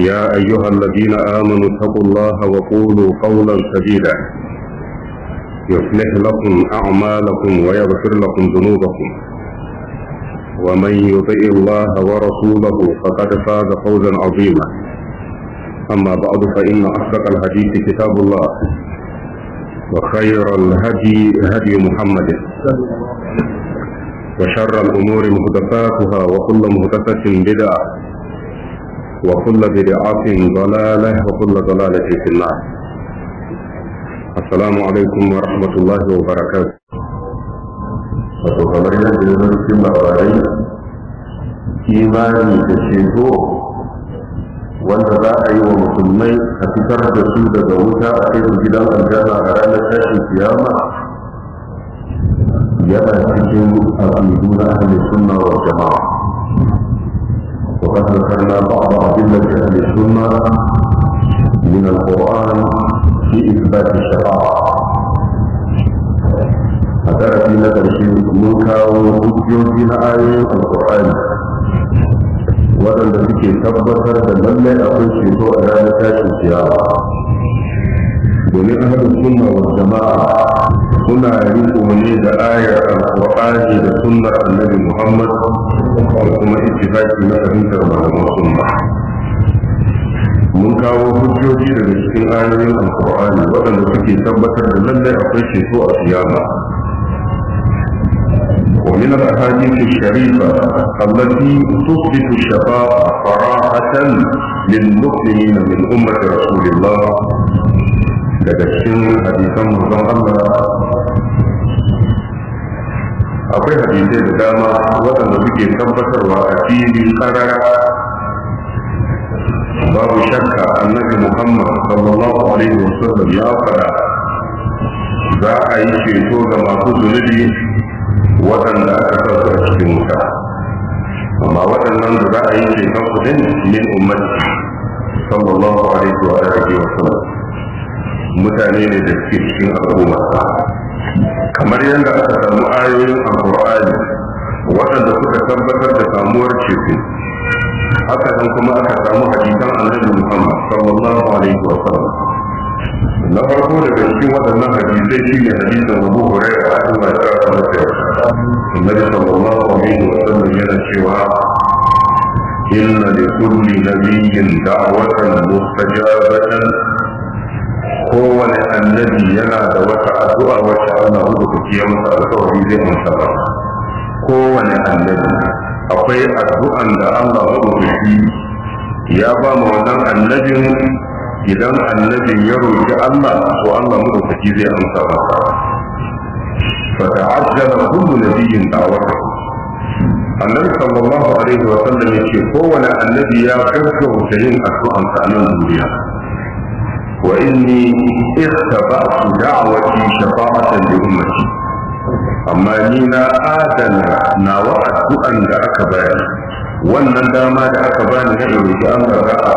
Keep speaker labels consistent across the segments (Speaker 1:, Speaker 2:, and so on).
Speaker 1: يا أيها الذين آمنوا اتقوا الله وقولوا قولا سديدا يصلح لكم أعمالكم ويغفر لكم ذنوبكم ومن يطع الله ورسوله فقد فاز فوزا عظيما أما بعد فإن أصدق الحديث كتاب الله وخير الهدي هدي محمد وشر الأمور مهدفاتها وكل مهدفة بدعة وكل بدعة ضلالة وكل ضلالة في النار السلام عليكم ورحمة الله وبركاته وتخبر يد المسلم وعلي إيماني تشيدو wanda za a yi wa musulmai a fitar da su daga wuta a kai su gidan aljanna a ranar tashin kiyama yana cikin abu na sunna wa jama'a وقد ذكرنا بعض أدلة أهل السنة من القرآن في إثبات الشفاعة أتأتي في منك ملكا في لآية القرآن وأن ذلك تبصر لما لا أقول شيء سوء هذا domin ahalin sunna wa jama'a suna riko ne da ayar alqur'ani da sunnar annabi muhammad da kuma ittifaqi na fahimtar malaman sunna mun kawo hujjoji daga cikin ayoyin alqur'ani waɗanda suke tabbatar da lallai akwai ceto a kiyama ومن الاحاديث الشريفه التي تثبت الشفاعه صراحه للمسلمين من امه رسول الله daga cikin hadisan manzon Allah akwai hadisai da dama waɗanda suke tabbatarwa a filin karara babu shakka annabi Muhammad sallallahu alaihi sallam ya faɗa za a yi ceto ga masu zunubi waɗanda aka sauka a cikin wuta amma waɗannan da za a yi ceton su min sallallahu alaihi wa alihi mutane ne da suke cikin al'umma kamar yadda aka samu ayoyin alkur'ani waɗanda suka tabbatar da samuwar ceto haka san kuma aka samu hakikan annabi muhammad sallallahu alaihi wa sallam na farko daga cikin waɗannan hadisai shi ne hadisan abu hurairah a cikin mai tsara masa annabi sallallahu alaihi wa sallam yana cewa inna li kulli nabiyyin da'watan mustajabatan kowane annabi yana da wata addu'a wacce Allah hudu kuke ya masa alƙawari zai amsa ba kowane annabi akwai addu'an da Allah hudu kuke ya ba mu wannan annabin idan annabin ya roƙi Allah to Allah hudu kuke zai amsa ba fa ta'ajjala kullu nabiyyin da'watahu annabi sallallahu alaihi wa sallam yace kowane annabi ya gaggauta yin addu'an sa a duniya واني اختبأت دعوتي شفاعة لامتي اما نينا ادنا ناوات ان دعك بان وانا ما دعك بان نعلم جامع رأى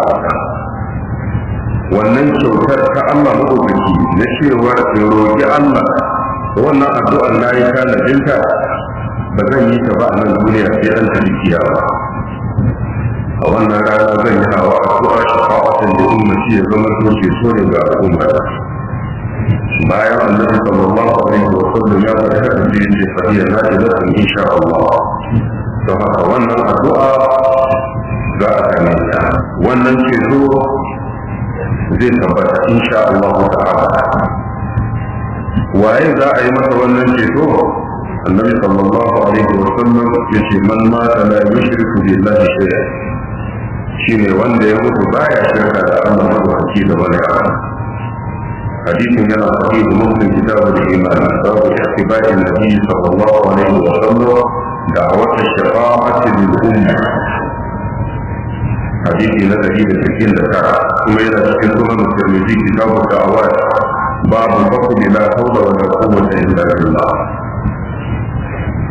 Speaker 1: وانا انشوتك الله مؤذك نشير ورد يروجي الله وانا ادعو ان لا يكان جنتا بذن يتبعنا الدنيا في انت الكيامة a wannan rana zan yi hawa addu'a shafa'atan da ummati ya zama to ke so ne ga al'ummata bayan annabi sallallahu alaihi wa sallam ya faɗi hadisi yace fa hiya na'ilatun insha Allah don haka wannan addu'a za a same ta wannan ceto zai tabbata insha Allah ta'ala waye za a yi masa wannan ceto annabi sallallahu alaihi wa sallam yace man mata la yushriku billahi shay'an shine wanda ya mutu baya shirka da Allah madaukaki da wani abu hadisin yana sahih da imani da babu ihtibai nabi sallallahu alaihi wa sallam da wata shafaati lil ummah hadisi na dari da cikin da tara kuma yana cikin sunan tirmidhi da da'awat babu faqd la hawla wa la quwwata illa billah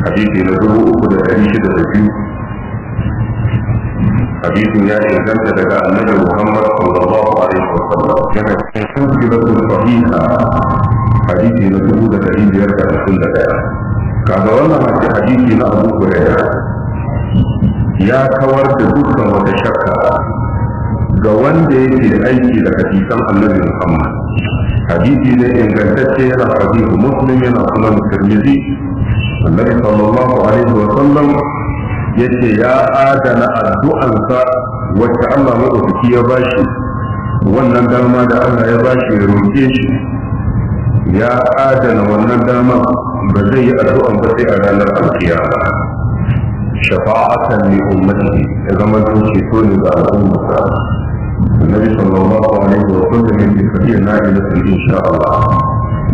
Speaker 1: hadisi na dubu uku da dari shida da biyu حديث يا إنسان تدعى النبي محمد صلى الله عليه وسلم كان تجربة صحيحة حديث نجوه لتعين يرجع السنة كذا وانا حديث نأبو هريرة يا كوار تدوك وتشكى ga wanda yake aiki da hadisan annabi Muhammad hadisi ne ingantacce yana hadisi muslim yana sunan tirmidhi annabi sallallahu alaihi wa sallam yace ya adana addu'ansa wacce Allah madaukaki ya bashi wannan dama da Allah ya bashi ya roƙe shi ya adana wannan dama ba zai yi addu'an ba sai a ranar alkiyama shafa'atan li ummati ya zama to ceto ne ga al'ummarsa annabi sallallahu alaihi wa sallam yake fadiyar na'ilatul insha Allah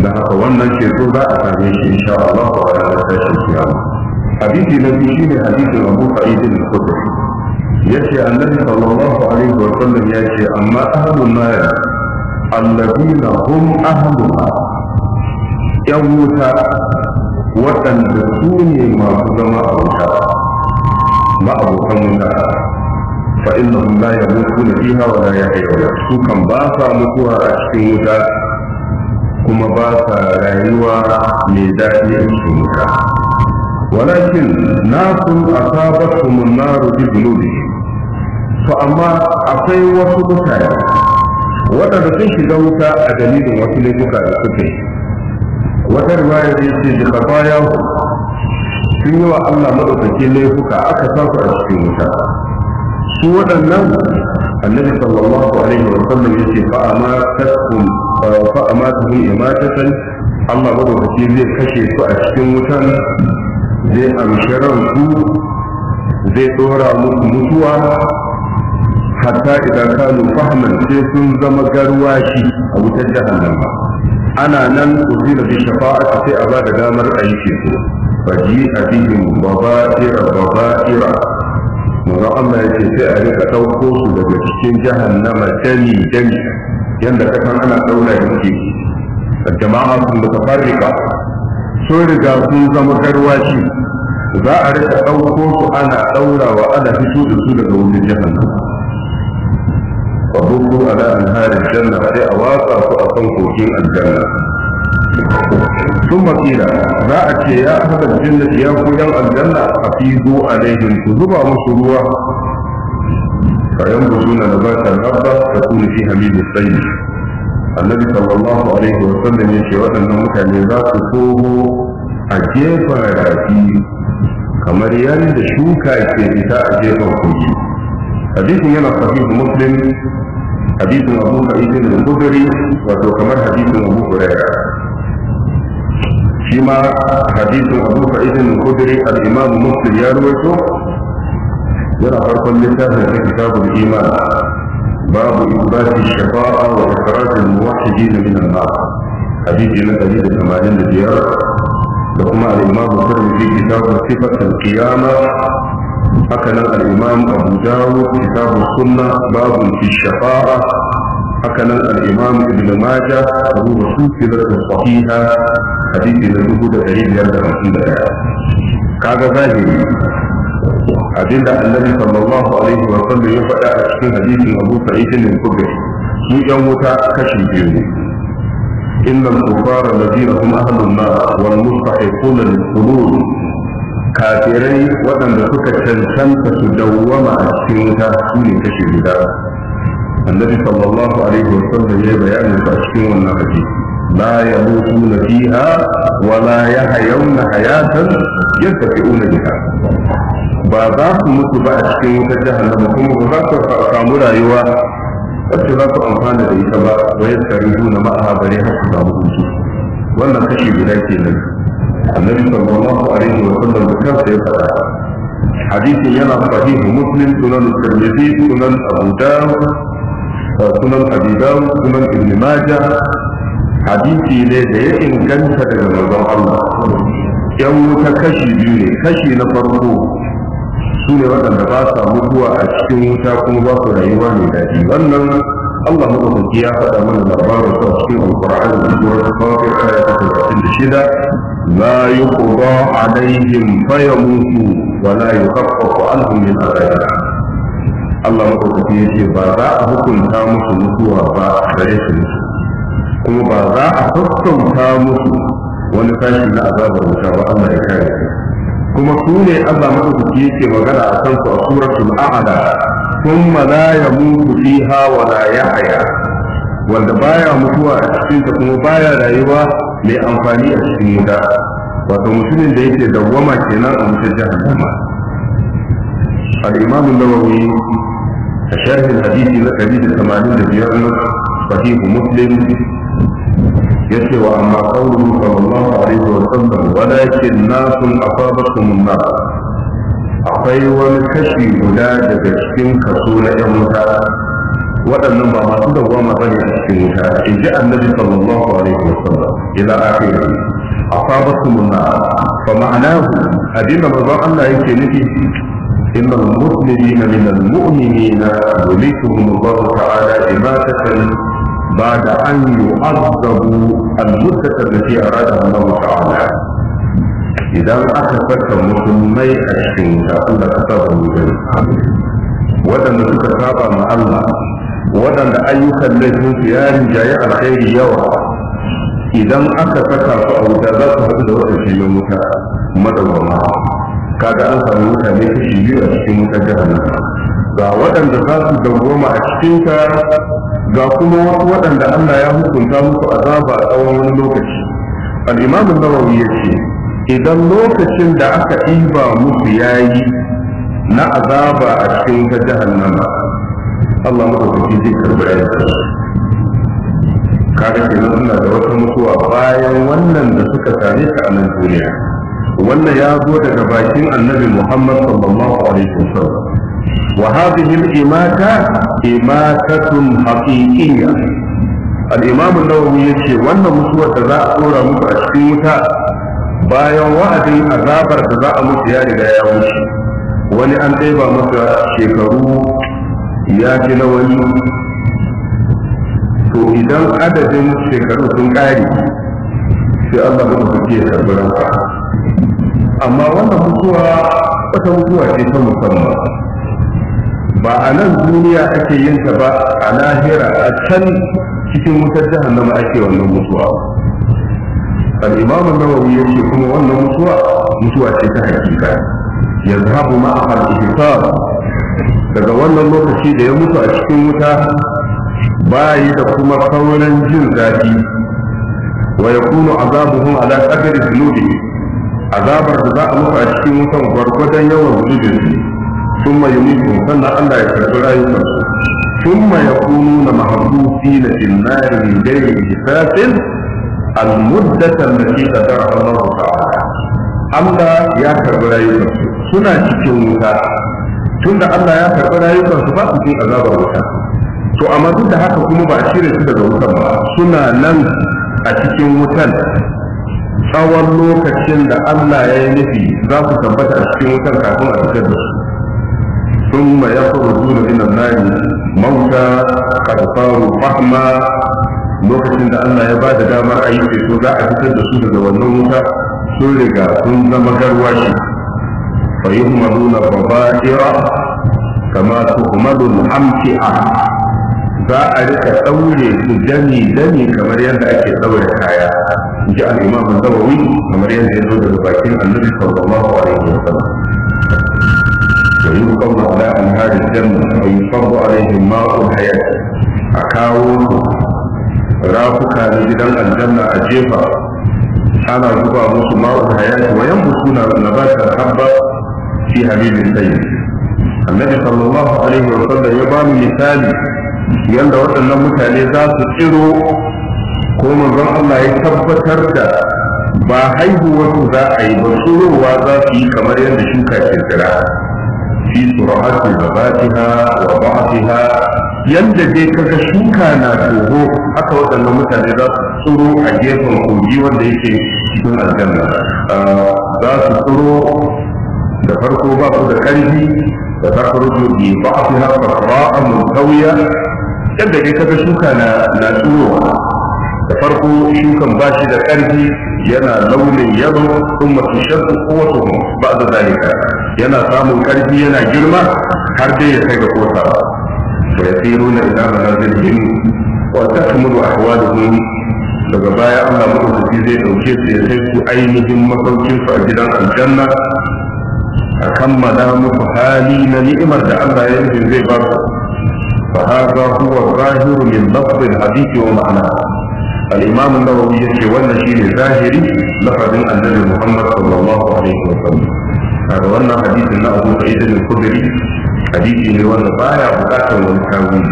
Speaker 1: da haka wannan ceto za a same shi insha Allah a ranar tashin kiyama hadisi na biyu shine hadisin Abu Sa'id al-Khudri yace annabi sallallahu alaihi wa sallam yace amma ahlul nar alladina hum ahluha yan wuta waɗanda sune masu zama a wuta ma'abokan wuta fa innahum la yamutuna fiha wa la yahyawna su kan ba sa mutuwa a cikin wuta kuma ba sa rayuwa mai daɗi a cikin wuta walakin nasun asabatkum an-nar bi dhunubihim to amma akwai wasu mutane waɗanda sun shiga wuta a dalilin wasu laifuka da suke wata riwaya da yake da kafaya sun yi wa Allah madaukaki laifuka aka sa su a cikin wuta su waɗannan annabi sallallahu alaihi wa sallam yace fa amatatuhum fa amatuhum imatatan Allah madaukaki zai kashe su a cikin wutan zai amshi ransu zai tsora musu mutuwa hatta idan kanu fahman sai sun zama garwashi a wutar jahannama ana nan uzila bi shafa'ati sai a bada damar aiki su faji abihim baba'ira baba'ira manzo Allah yake sai a rika ɗauko su daga cikin jahannama Jami, yadda yanda kasan ana daura yake jama'a sun mutafarrika sun riga sun zama garwashi za a rika ɗauko su ana wa ana fito da su daga wutar a da ala anhar janna sai a watsa su a kan kokin aljanna sun makila za a ce ya haka janna ya ku yan aljanna a fizo alaihim ku zuba musu ruwa fayan busuna nabatar rabba ta kuni fi hamidin annabi sallallahu alaihi wa sallam ya waɗannan mutane za su koho a gefen rafi kamar yadda shuka ke fita a gefen kogi hadisin yana sahih muslim hadisin abu sa'id al-khudri wato kamar hadisin abu hurairah shi ma hadisin abu sa'id al-khudri al-imam muslim ya rawaito yana farkon littafin kitabul iman باب إثبات الشفاعة وإخراج الموحدين من النار حديث لنا حديث ثمانين ديار لكم الإمام الترمذي في كتاب صفة القيامة حكنا الإمام أبو داود كتاب السنة باب في الشفاعة حكنا الإمام ابن ماجه أبو رسول ذلك الصحيحة حديث لنا دليل ثمانين ديار كذا ظاهري abinda annabi sallallahu alaihi wa sallam ya faɗa a cikin hadisin Abu Sa'id al-Khudri su yan wuta kashi biyu ne innal kufara ladina hum ahlun nar wal mustahiquna lil-khulud kafirai waɗanda suka cancanta su dawwama a cikin wuta su ne kashi guda annabi sallallahu alaihi wa sallam ya bayanin su a cikin wannan hadisi لا يموتون فيها ولا يحيون حياة ينتفعون بها ba za su mutu ba a cikin wutar jahannama kuma ba za su samu rayuwa wacce za su amfana da ita ba wa ya tsari na ma'a bare har su samu hutu wannan kashi guda ke nan annabi sallallahu alaihi wa sallam da kansa ya faɗa hadisin yana sahihu muslim sunan tirmidhi sunan abu dawud uh, sunan abi dawud sunan ibn majah hadisi ne da ya inganta daga manzon Allah yan wuta kashi biyu ne kashi na farko su ne waɗanda ba sa mutuwa a cikin wuta kuma ba su rayuwa mai daɗi wannan Allah mutunci ya faɗa mana labarin su a cikin alƙur'ani da suwar kafir aya ta talatin da shida la yuqda alaihim fayamutu wa la yukhaffafu anhum min azabiha Allah mutunci ya ce ba za a hukunta musu mutuwa ba gare su kuma ba za a sassauta musu wani sashi na azabar wuta ba Allah ya kare su kuma su ne Allah madaukaki yake magana a kansu a suratul a'la thumma la yamutu fiha wa la yahya wanda baya mutuwa a cikin ta kuma baya rayuwa mai amfani a cikin wuta wato mutumin da yake dawwama kenan a wutar jahannama al-imam an-nawawi a sharh al na 185 Fahimu muslim يكي وأما قوله صلى الله عليه وسلم ولكن ناس أصابتهم النار أخي ونكشي أولاد تشكين كسول يومها وأن ما تدوى ما بني تشكينها إن جاء النبي صلى الله عليه وسلم إلى آخره أصابتهم النار فمعناه أدين مرضى الله يكي نفي إن المسلمين من المؤمنين وليتهم الله تعالى إماتة بعد أن يعذبوا المدة التي أرادها الله تعالى إذا أخذت مسلمي الشيء فأنا كتاب المجرم ودن كتاب مع الله ودن أيها الذين في جاي الخير يوم idan aka saka su a wuta za su haɗu da waɗansu yin wuta madawama kaga an samu mutane kashi biyu a cikin wutar nan, ga waɗanda za su dawoma a cikinta ga kuma wasu waɗanda Allah ya hukunta musu azaba a tsawon wani lokaci al-imam an-nawawi yace idan lokacin da aka ɗiba musu yayi na azaba a cikin ta jahannama Allah kuke zai karɓi ayyukan kaga kenan suna da wata mutuwa bayan wannan da suka same ta a nan duniya wannan ya zo daga bakin annabi Muhammad sallallahu alaihi wasallam وهذه الإماتة إماتة حقيقية الإمام النووي يشي وأن مسوى تذاكر متأشفيتا bayan wa'adin azabar da za a mutu ya riga ya wuce wani an ɗaiba masa shekaru ya fi wani to idan adadin shekaru sun ƙare sai Allah ba su ke karɓar amma wannan mutuwa wata mutuwa ce ta musamman ba a nan duniya ake yin ta ba a lahira a can cikin wutar jahannama ake wannan mutuwa al-imam an-nawawi yace kuma wannan mutuwa mutuwa ce ta hakika yazhabu ma'a al-ihsab daga wannan lokaci da ya mutu a cikin wuta bayi da kuma sauran jin zafi wa yakunu azabuhum ala qadri dhunubi azabar da za a mutu a cikin wutan gwargwadon yawan zunubin ثم يميتهم سنة أن لا يكتب رأيكم ثم يكونون محبوسين في النار من غير حساب المدة التي قدرها الله تعالى Allah ya karɓi rayukansu suna cikin wuta Tun da Allah ya karɓi rayukansu ba su cikin azabar wuta to amma duk da haka kuma ba a shirya su daga wutan ba suna nan a cikin wutan tsawon lokacin da Allah ya yi nufi za su tabbata a cikin wutan kafin a fitar da su ثم يخرجون من النار موتى قد صاروا فحما lokacin da Allah ya ba da damar a yi ceto za a fitar da su daga wannan wuta sun riga sun zama garwashi fa yi humaduna baba'ira kama su humadun hamki'a za a rika ɗaure su dami dami kamar yadda ake ɗaure kaya in ji al'imam nawawi kamar yadda ya zo daga bakin annabi sallallahu alaihi wa sallam ويقبض على أنهار الجنة ويصب عليهم ماء الحياة أكاون رافقا لجدا الجنة أجيبا أنا أجيبا مصر ماء الحياة وينبتون نبات الحبة في حبيب السيد النبي صلى الله عليه وسلم يبان مثالي yanda waɗannan mutane za su tsiro ko manzon Allah ya tabbatar da ba haihuwar za a yi ba tsirowa za su yi kamar yadda shuka ke tsira fi sur'ati zabatiha wa ba'tiha yanda dai kaga shuka na toho haka waɗannan mutane za su tsoro a gefen kogi wanda yake cikin aljanna za su tsoro da farko ba su da ƙarfi da takardu bi ba'tiha sarra'a muntawiya yadda dai kaga shuka na na tsoro da farko shukan ba shi da ƙarfi yana launin yalo sun masu shaɗu kowace ba da zalika yana samun karfi yana girma har dai ya kai ga kosa fa na ila manazil jin wa takmulu ahwaluhum daga baya Allah madaukaki zai dauke su ya kai su ainihin masaukin su a gidan aljanna a kammala muku hali na ni'imar da Allah ya yi zai ba su fa hadha huwa zahiru min lafz al wa ma'nahu الإمام النووي يقول ولا شيء ظاهري لقد النبي محمد صلى الله عليه وسلم هذا وانا حديث ان ابو سعيد الخدري حديث ان وانا بايع بكاتا والتاويل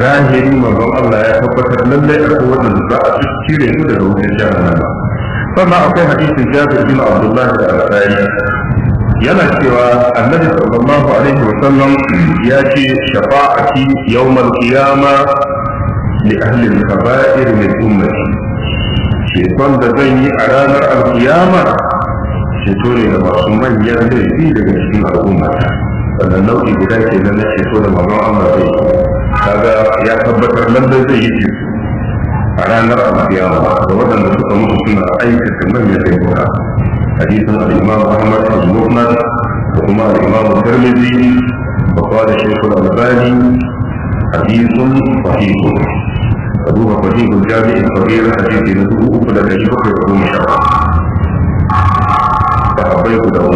Speaker 1: ظاهري manzon Allah ya tabbatar lallai akwai wanda za a cire mu daga wutar jahannama sannan akwai hadisin Jabir bin Abdullah da Al-Ansari yana cewa Annabi sallallahu alaihi wa sallam ya ce shafa'ati yawmal qiyama li ahli al-kaba'ir min ummati shefan da zan yi a ranar al-qiyama ceto ne da masu manyan laifi daga cikin al'umma sannan nau'i guda ke nan na ceto da mamman Allah zai kaga ya tabbatar lallai zai yi ceto a ranar alkiyama da waɗanda suka mutu suna aikata manyan laifuka hadisin al-imam Ahmad al-Musnad da kuma al-imam Tirmidhi da qala shaykh al-Albani hadisun sahih abu bakr al-Jami' al hadisi na 3717 فأبيت له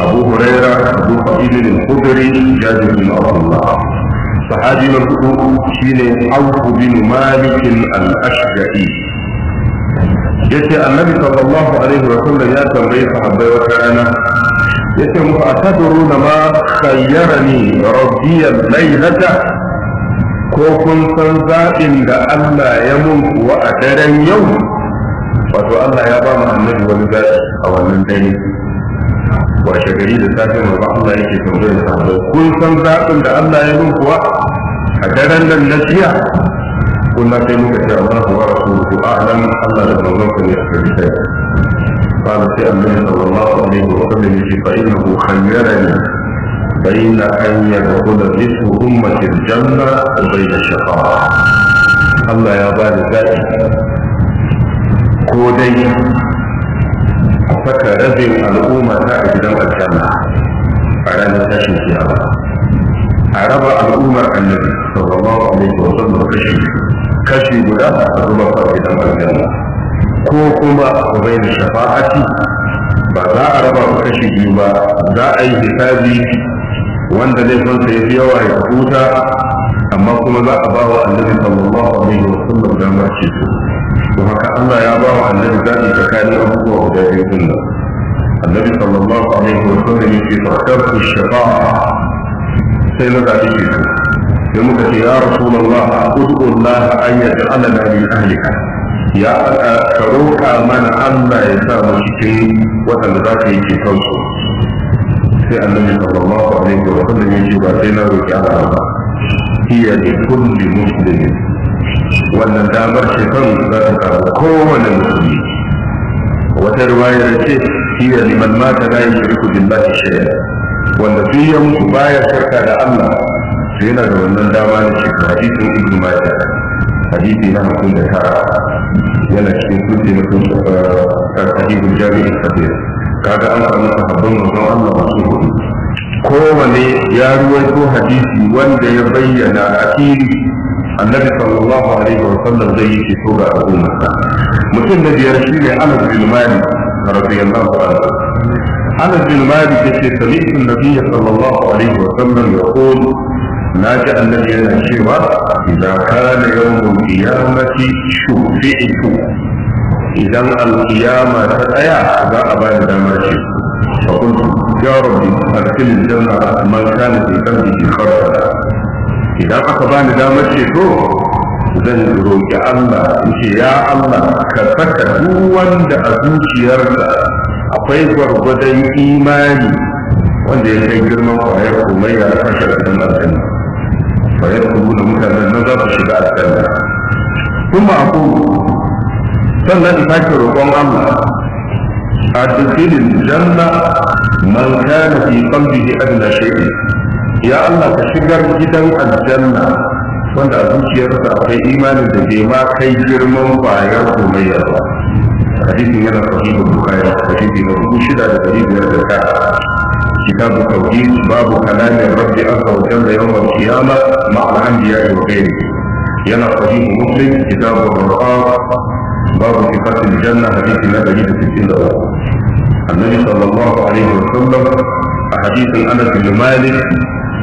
Speaker 1: أبو هريرة أبو حبيب الخدري جاد بن عبد الله صحابي مكتوب شين أوف بن مالك الأشجعي يتي النبي صلى الله عليه وسلم يا تنبيه صحابي وكأنا يتي أتدرون ما خيرني ربي الليلة كوكن سنزاء إن الله يمن وأدرن يوم wato Allah ya ba mu annabi wani gadi a wannan dare washe gari da safe mai Allah yake tambayar da sahabbai kun san zaɓin da Allah ya mun kuwa a daren nan na jiya na sai muka ce Allah wa rasuluhu a'lam Allah da manzon sa ne a gari sai قال في النبي صلى الله عليه وسلم فإنه خيرني بين أن يدخل جسم أمة الجنة وبين الشقاء الله يا بارك ذلك ko dai a saka rabin al'umma ta a gidan aljanna a ranar tashin kiyama a raba al'ummar annabi sallallahu alaihi wa sallam kashi kashi guda a zuba a gidan aljanna ko kuma a bayan shafa'ati ba za a raba ku kashi biyu ba za a yi hisabi wanda laifinsa ya fi yawa ya huta amma kuma za a ba wa annabi sallallahu alaihi wa sallam dama ce to haka Allah ya ba wa annabi zaɓi tsakanin abubuwa guda biyu din nan annabi sallallahu alaihi wa sallam yake tsarkar shafa'a sai na zaɓi ke to sai muka ce ya rasulullah ud'u Allah an yaj'alana min ahlika ya ka roƙa mana Allah ya sa mu cikin waɗanda za ka yi ke kansu sai annabi sallallahu alaihi wa sallam yake ba sai na roƙi Allah ba hiya li kulli muslimin wannan damar shekaru za ta samu kowane musulmi wata riwayar ce hiyar liman mata la yushriku billahi shay'a wanda su yi musu baya shirka da Allah su yana da wannan dama na shirka hadisin ibn majah hadisi na mutum da tara yana cikin kuce na kun da jami'in kabir kaga an samu sahabban wajen Allah masu hudu kowane ya ruwaito hadisi wanda ya bayyana a fili النبي صلى الله عليه وسلم زي في سورة أبو مكة مثل نبي رشيد أنا بن مالك رضي الله عنه أنا بن مالك في سميت النبي صلى الله عليه وسلم يقول ناجى النبي أن الشيوة إذا كان يوم القيامة شفعت إذا القيامة تتأيى إذا أبا دام فقلت يا ربي أرسل الجنة من كان في قلبه خرجا idan aka bani damar ceto zan roƙi Allah ce ya Allah ka saka duk wanda a zuciyarsa akwai gwargwadon imani wanda ya kai girman kwayar komai ya kashe da ɗan aljanna kwayar kuma da mutanen nan za su shiga aljanna kuma ku sannan in sake roƙon Allah a cikin janna man kana fi qalbihi adna shay'in يا الله تشكر جدًا الجنة فانت أبوك يرسى في إيمان الدجيمة كي جرمم فعيرك ومي الله حديث من الرحيم المخير حديث من المشدة لقريب من الزكاة كتاب التوحيد باب كلام الرب عز وجل يوم القيامة مع الأنبياء والغير ينا الرحيم مسلم كتاب القرآن باب صفة الجنة حديث لا تجد في السنة النبي صلى الله عليه وسلم حديث أنس بن مالك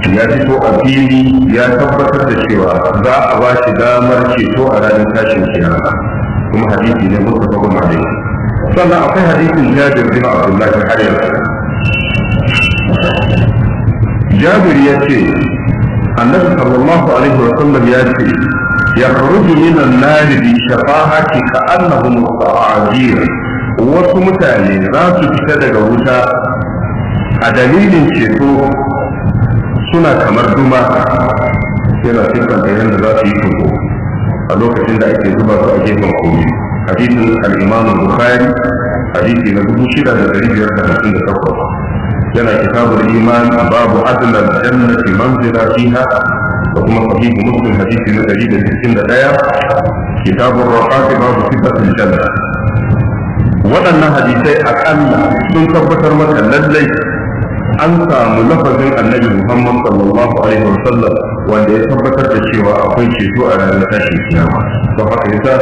Speaker 1: ya fito a fili ya tabbatar da cewa za a ba shi damar ceto a ranar tashin kiyama kuma hadisi ne mutu muka faɗo ne. sannan akwai hadisin jabir bin abdullah bin hariyar jabir ya ce annabi sallallahu alaihi wa sallam ya ce ya kharuju min an-nar bi shafa'ati ka'annahu musta'ajir wasu mutane za su fita daga wuta a dalilin ceto suna kamar duma yana cikin da za su yi tuko a lokacin da ake zuba su a gefen komi hadisin al-imamu bukhari hadisi na dubu shida da dari biyar da hamsin da takwas yana kitabul iman babu adla jannati manzila fiha da kuma sahihu muslim hadisi na dari da sittin da daya kitabul rafat babu sifatul janna waɗannan hadisai akalla sun tabbatar maka lallai an samu lafazin annabi Muhammad sallallahu alaihi wa sallam wanda ya tabbatar da cewa akwai ceto a ranar tashin kiyama don haka yasa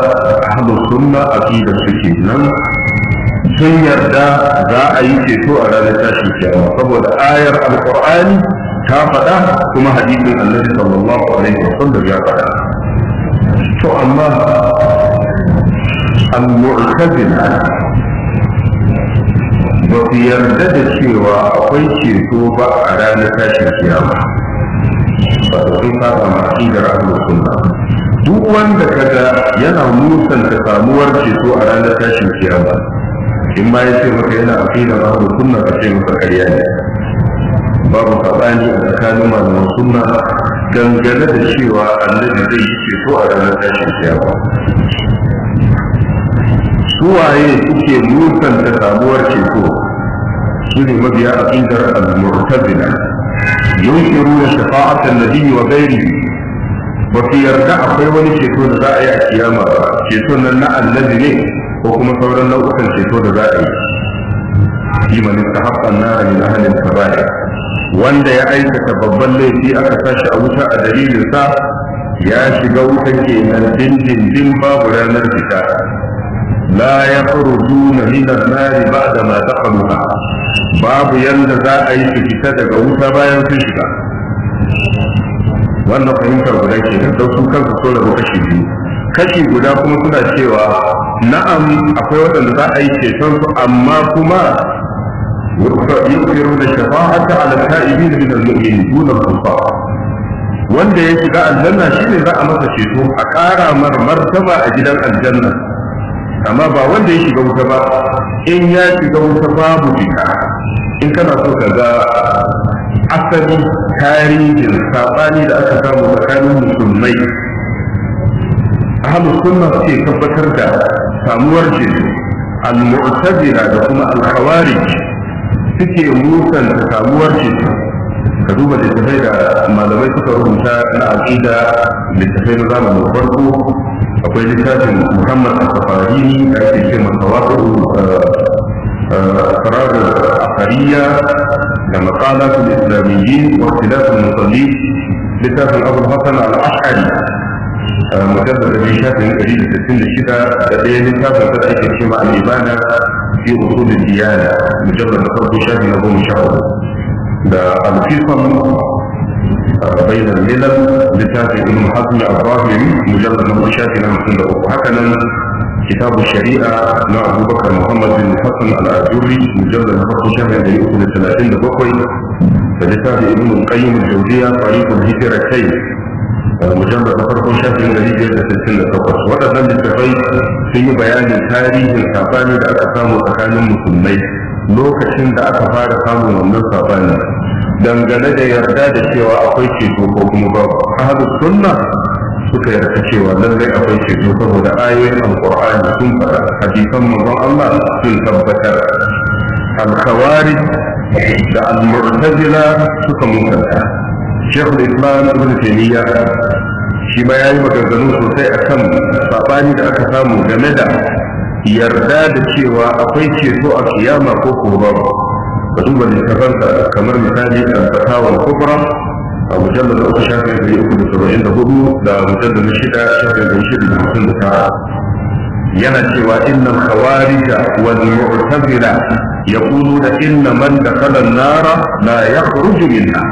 Speaker 1: ahlus sunna aqidar suke nan sun yarda za a yi ceto a ranar tashin kiyama saboda ayar alqur'ani ta faɗa kuma hadisin annabi sallallahu alaihi wa sallam ya faɗa to amma al-mu'tazila ba ku yarda da cewa akwai ceto ba a ranar tashin kiyama ba da sun saba ma aƙidar ahlus sunna duk wanda kaga yana ta samuwar ceto a ranar tashin kiyama in ma ya ce maka yana aƙidar ahlus suna ka ce maka karya ne babu ne a tsakanin malaman suna dangane da cewa annabi zai yi ceto a ranar tashin kiyama suwaye suke musanta samuwar ceto سنه مبيا عند المعتزلة ينكرون شفاعة النبي وغيره وفي يرجع خيوني شيطون رائع قيامة شيطون لنا الذي ليه وكما صورا لو أكل شيطون رائع فيما نتحق النار من أهل الكبائر وان دا يأيس تببل لي في أكتاش أوسع دليل الساعة يا شقوك إن الدين دين دين باب لا نرفتا لا يخرجون من النار بعدما دخلوا babu yanda za a yi su fita daga wuta bayan sun shiga wannan fahimtar guda ke da sau sun kansu so daga kashi biyu kashi guda kuma suna cewa na'am akwai waɗanda za a yi ceton su amma kuma yukiru da ta alaka ibi da minal yin dunar kufa wanda ya shiga aljanna shi ne za a masa ceto a ƙara mar martaba a gidan aljanna amma ba wanda ya shiga wuta ba in ya shiga wuta babu fita in kana so ka ga asali tarihin sabani da aka samu tsakanin musulmai hannu sunna suke tabbatar da samuwar jini al-mu'tazila da kuma al-khawarij suke musanta samuwar jini ka duba tafai da malamai suka rubuta na da littafai na zamanin farko akwai littafin muhammad al-safarini da ake ce masa wasu eh, أسرار أثرية كمقالات الإسلاميين واختلاف المصلين لتاف أبو الحسن الأشعري آه، مجدد أبي شافعي قريب 66 الشتاء لديه لتاف بدأت مع الإبانة في أصول الديانة مجلد أبو شافعي نظام شعور ده الفيصل آه، بين الملل لتاف ابن حزم الراهبي مجلد أبو شافعي 53 وهكذا كتاب الشريعة مع أبو بكر محمد بن حسن الأجوري مجلد فرق شهر يؤكل ثلاثين بقوي فلكتاب ابن القيم الجوزية طريق الهجرة كي مجلد فرق شهر الهجرة ستين بقوي وقد لم يتفي في بيان تاريخ الحقان الأقسام وتقان المسلمين لو كشن aka fara samun من sabanin dangane يرداد yarda da cewa akwai ceto ko السنة suka yarda cewa lallai akwai ceto saboda ayoyin alqur'ani sun fara hadisan manzon Allah sun tabbatar al da al suka mutunta Sheikhul Islam Ibn Taymiyyah shi ma yayi maganganu sosai akan sabani da aka samu game da yarda da cewa akwai ceto a kiyama ko kuma babu. Ka duba littafansa kamar misali al-Fatawa kubra او مجلد الاخر شهر اللي يكون بسرعين تقوموا لمجلد الشتاء شهر اللي يشير من حسن ينا سوى ان الخوارج والمعتزله يقولون ان من دخل النار لا يخرج منها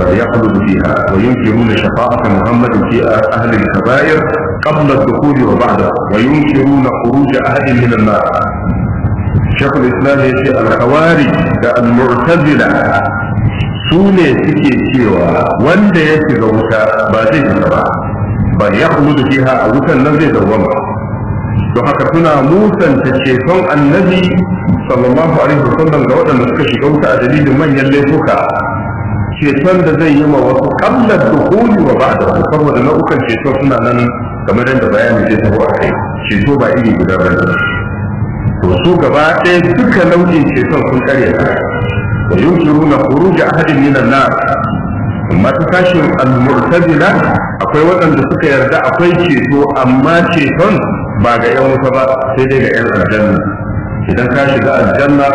Speaker 1: بل يخلد فيها وينكرون شفاعة محمد في اهل الكبائر قبل الدخول وبعده وينكرون خروج اهل من النار شيخ الاسلام يشير الخوارج المعتزله su ne suke cewa wanda ya shiga wuta ba zai shiga ba ba ya da fiha a wutan nan zai ba. don haka suna musanta ceton annabi sallallahu alaihi wasallam ga waɗanda suka shiga wuta a dalilin manyan laifuka ceton da zai yi ma wasu kallar dukhuli wa ba'da saboda nau'ukan ceton suna nan kamar yadda bayanin zai tafi a kai ceto ba iri guda ba ne to su gaba ɗaya duka nau'in ceton sun karya wa yunkiruna khuruj ahadin min an-nar masu tashin al-murtazila akwai waɗanda suka yarda akwai ceto amma ceton ba ga yan wuta ba sai dai ga yan aljanna idan ka shiga aljanna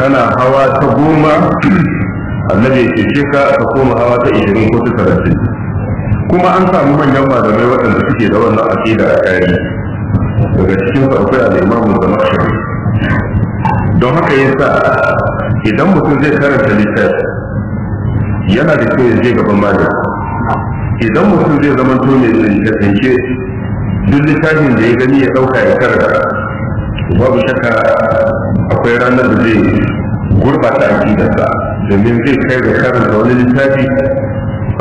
Speaker 1: kana hawa ta goma annabi ya cece ka ka koma hawa ta ishirin ko ta kuma an samu manyan malamai waɗanda suke da wannan aƙida a tarihi daga cikin akwai al-imamu da makshari don haka ya sa, idan mutum zai karanta littafi yana da kyau je gaban malam idan mutum zai zama to mai tsince duk littafin da ya gani ya ɗauka ya karanta babu shakka akwai ranar da zai gurɓata sa domin zai kai ga karanta wani littafi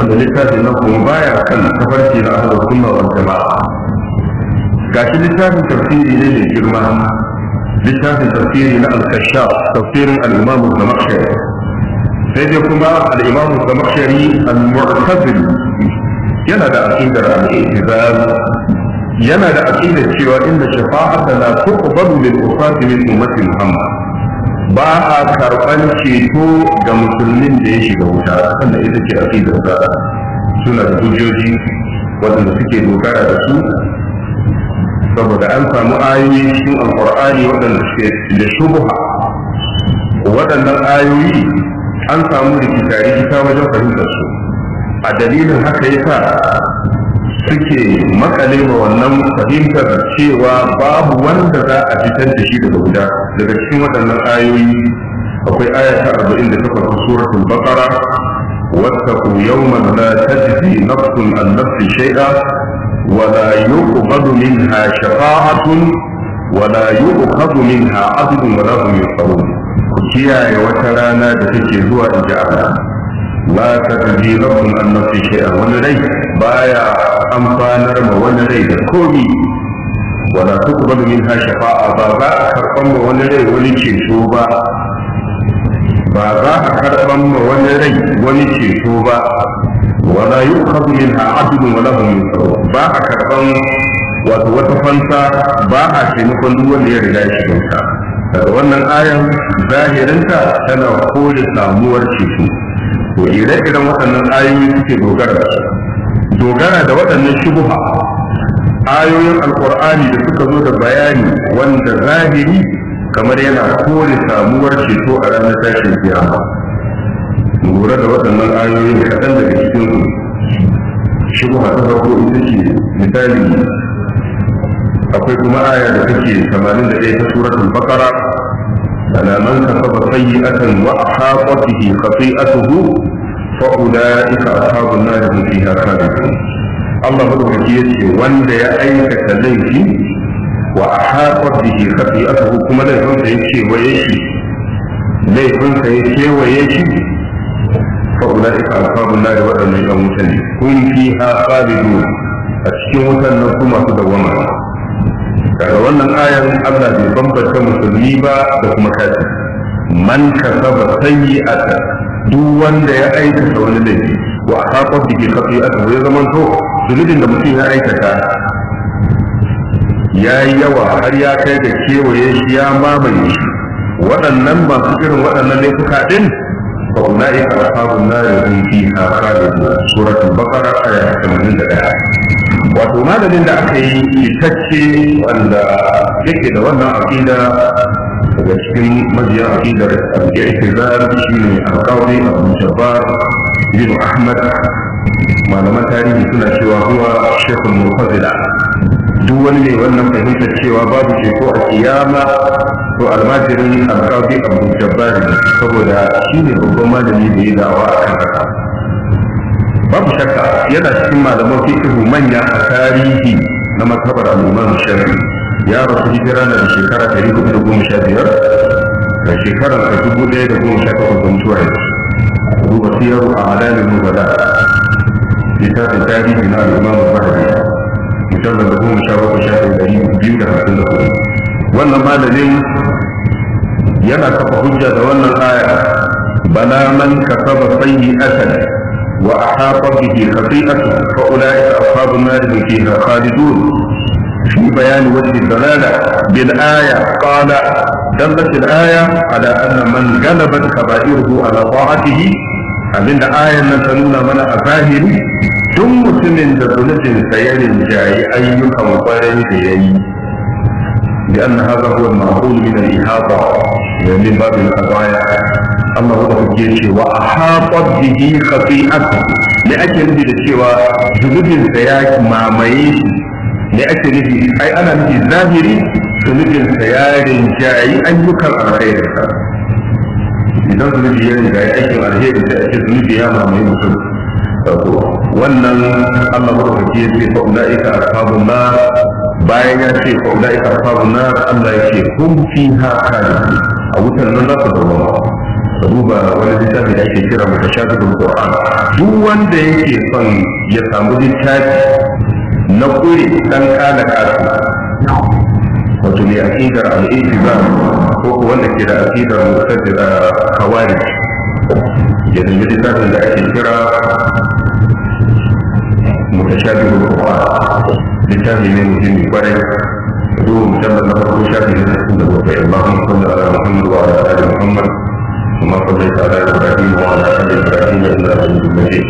Speaker 1: wanda littafi na kuma baya kan tafarki na ahlus sunna wal Ga gashi littafin tafsiri ne mai girma littafin tafsiri na al-kashaf tafsirin al-imam al-zamakhshari sai dai kuma al-imam al-zamakhshari al-mu'tazili yana da aqidar al-i'tizal yana da aqidar cewa inda shafa'ata la tuqbalu lil usati min ummati muhammad ba a karban ceto ga musulmin da ya shiga wuta sannan ita ce aqidar sa suna da hujjoji waɗanda suke dogara da su saboda an samu ayoyi cikin alkur'ani waɗanda suke da shubuha waɗannan ayoyi an samu rikitari rikita wajen fahimtar su a dalilin haka yasa suke makale ma wannan fahimtar cewa babu wanda za a fitar da shi daga guda daga cikin waɗannan ayoyi akwai aya ta arba'in da takwas a suratul baqara واتقوا يوما لا تجزي نفس عن نفس شيئا ولا يقبض منها شفاعة ولا يؤخذ منها عدل ولا هم kiyaye wata rana da take zuwa in ji Allah ta taji rabbun an nafsi shay'a wani rai baya amfanar ma wani rai da komi wala shafa'a ba ba karban wani rai ceto ba ba za a karɓan ma wani rai wani ceto ba wala yi kazu min ha'adun wala hum ba a karɓan wato wata fanta ba a taimakon duk wanda ya riga shi kanka wannan ayan zahirinta tana kore samuwar ceto to ire-iren waɗannan ayoyi suke dogara dogara da waɗannan shubuha ayoyin alkur'ani da suka zo da bayani wanda zahiri kamar yana kore samuwar ceto a ranar tashin kiyama lura da waɗannan ayoyin kaɗan daga cikin su shubha ta farko ita ce misali akwai kuma aya da take ɗaya ta suratul baqara ala man kasaba sayyi'atan wa ahaqat bihi khati'atuhu a ulaika ashabun nar hum fiha khalidun Allah madaukaki ce wanda ya aikata laifi wa ahaqat bihi khati'atuhu kuma laifin sa yake waye shi laifin sa yake waye shi fa ulaika ashabun nar wa annahum yan wutan kun fiha khalidun a cikin wutan nan masu su dawama daga wannan ayan Allah bai bambanta musulmi ba da kuma kafir man kasaba sayyi'ata duk wanda ya aikata wani laifi wa ya zamanto zunubin da mutum ya aikata ya yi yawa har ya kai da kewaye shi ya mamaye shi waɗannan masu irin waɗannan laifuka ɗin fa ulai ka da nar hum a khalidun suratul baqara da ɗaya wato malamin da aka yi kitacce wanda yake da wannan aƙida daga cikin majiya aqidar al-i'tizar shi ne alƙawari qawli abu jabbar ahmad malaman tarihi suna cewa zuwa shekul mufazila duk wani ne wannan fahimtar cewa babu ceto a kiyama ko almajirin alƙafi abu jabbar ne saboda shi ne babban malami da ya dawa a kan haka babu shakka yana cikin malaman fiqhu manya a tarihi na mazhabar al-imam shafi ya rasu hijira na shekara hudu da goma da shekara ta ɗaya da goma mutuwa yanzu duba siyaru a alalin mubala littafin tarihi na al-imam bahari mujallar da goma sha bakwai sha ɗaya ɗari biyu da hamsin da kuɗi wannan malamin yana kafa hujja da wannan aya bala man kasaba sayyi'atan wa ahata bihi khati'atan fa ulaika ashabun nar hum fiha khalidun في بيان وجه الدلالة بالآية قال دلت الآية على أن من غلبت كبائره على طاعته abinda ayan nan ta nuna mana a zahiri mutumin da zunubinsa ya rinjaye ayyukan kwarai da ya yi لأن هذا هو المعقول من الإحاطة من باب القضايا الله هو الجيش وأحاطت به خطيئته لأجل نفي للشيوى جنود الفياك مع ميت لأجل نفي أي أنا نفي الظاهري جنود الفياك جاي أن يكر على خيرك إذا جنود الفياك جاي أي على خيرك جنود الفياك مع ميت wannan Allah madaukaki ya ce fa ulaika ashabun nar bayan ya ce fa ulaika ashabun nar Allah ya ce hum fiha khalidun a wutar nan za su zama duba wani littafi da ake kira mutashabihul qur'an duk wanda yake son ya samu littafi na kure dan kala kasu wato mai aqidar al-ittiba ko wanda ke da aqidar mutaddida khawarij ya nemi littafin da ake kira mutashabihul qur'an littafi ne muhimmi kwarai ruhu musamman na farko shafi ne da gobe Allahumma da ala Muhammad wa ala ali Muhammad kuma sallaita ala Ibrahim wa ala ali Ibrahim innaka Hamidum Majid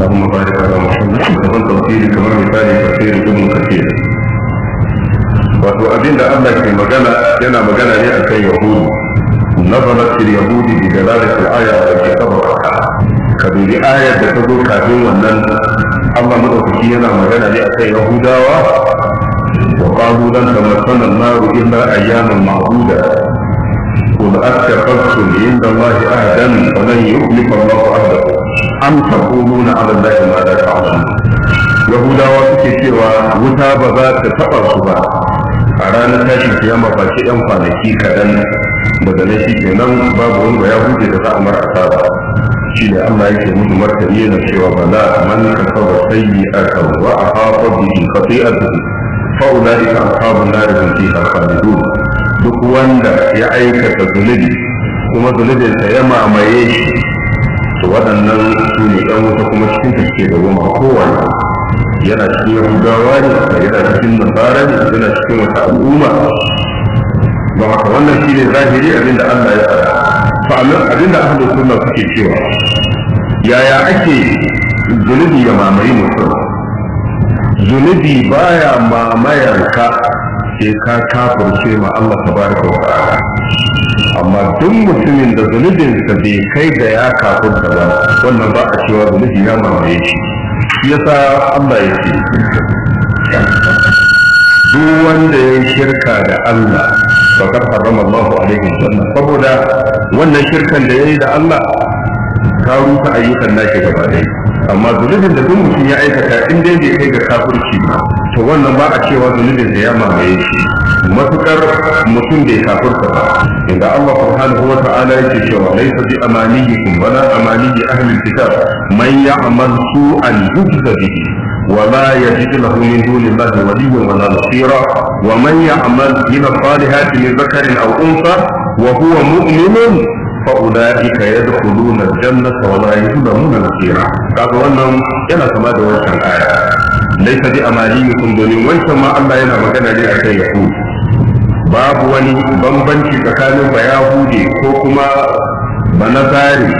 Speaker 1: اللهم بارك على محمد ومن توكيل كما مثال كثير ابن كثير wato abin da Allah ke magana yana magana ne a kan yahudu نظرت في اليهود بدلالة الآية التي سبقت كبير آية تقول كافرين أن الله مدوكي هنا مجانا لأسى يهودا وقالوا لن تمسنا النار إلا أياما معدودة قل أتخذتم عند الله أهدا فلن يخلف الله أهدا أم تقولون على الله ما لا تعلمون يهودا suke cewa wuta a ranar tashin kiyama ba shi yan kwanaki kaɗan daga nan shi kenan babu wanda ya huce da za a mara shi ne Allah yake musu martani yana cewa ba za a man ka sai yi a kan Ba a hafa fa'ula ita a ulaika na da hum a kwanaki duk wanda ya aikata zunubi kuma zunubin sa ya mamaye shi to waɗannan su ne ɗan wuta kuma cikin tafiye da goma kowanne yana cikin yahudawa ne yana cikin nasara ne yana cikin wata al'umma ba haka wannan shi ne zahiri abinda Allah ya faɗa fa'amin abinda ahlu sunna suke cewa yaya ake zunubi ya mamaye mutum zunubi baya mamayar ka sai ka kafirce ma Allah tabaraka wa ta'ala amma duk mutumin da zunubinsa bai kai da ya kafirta ba wannan ba a cewa zunubi ya mamaye shi yasa Allah ya ce duk wanda ya shirka da Allah faqad harrama Allahu alaihi wasallam saboda wannan shirkan da yayi da Allah ka rusa ayyukan naki gaba ɗaya amma zunubin da duk mutum ya aikata in dai bai kai ga kafirci to wannan ba a cewa zunubin da ya mamaye shi matukar mutum bai kafirta ba inda Allah subhanahu wa ta'ala yake cewa laysa bi amaniyikum wala amaniyi ahli kitab man ya'mal su'an yujza bihi ولا يجد له من دون الله وليا ولا نصيرا ومن يعمل من الصالحات من ذكر او انثى وهو مؤمن fa'ula'ika ya na jannata wa la yuzlamuna nasira kaga wannan yana kama da wancan aya laisa bi amaliyikum domin wancan ma Allah yana magana ne akan yahudi babu wani bambanci tsakanin ba yahudi ko kuma banazari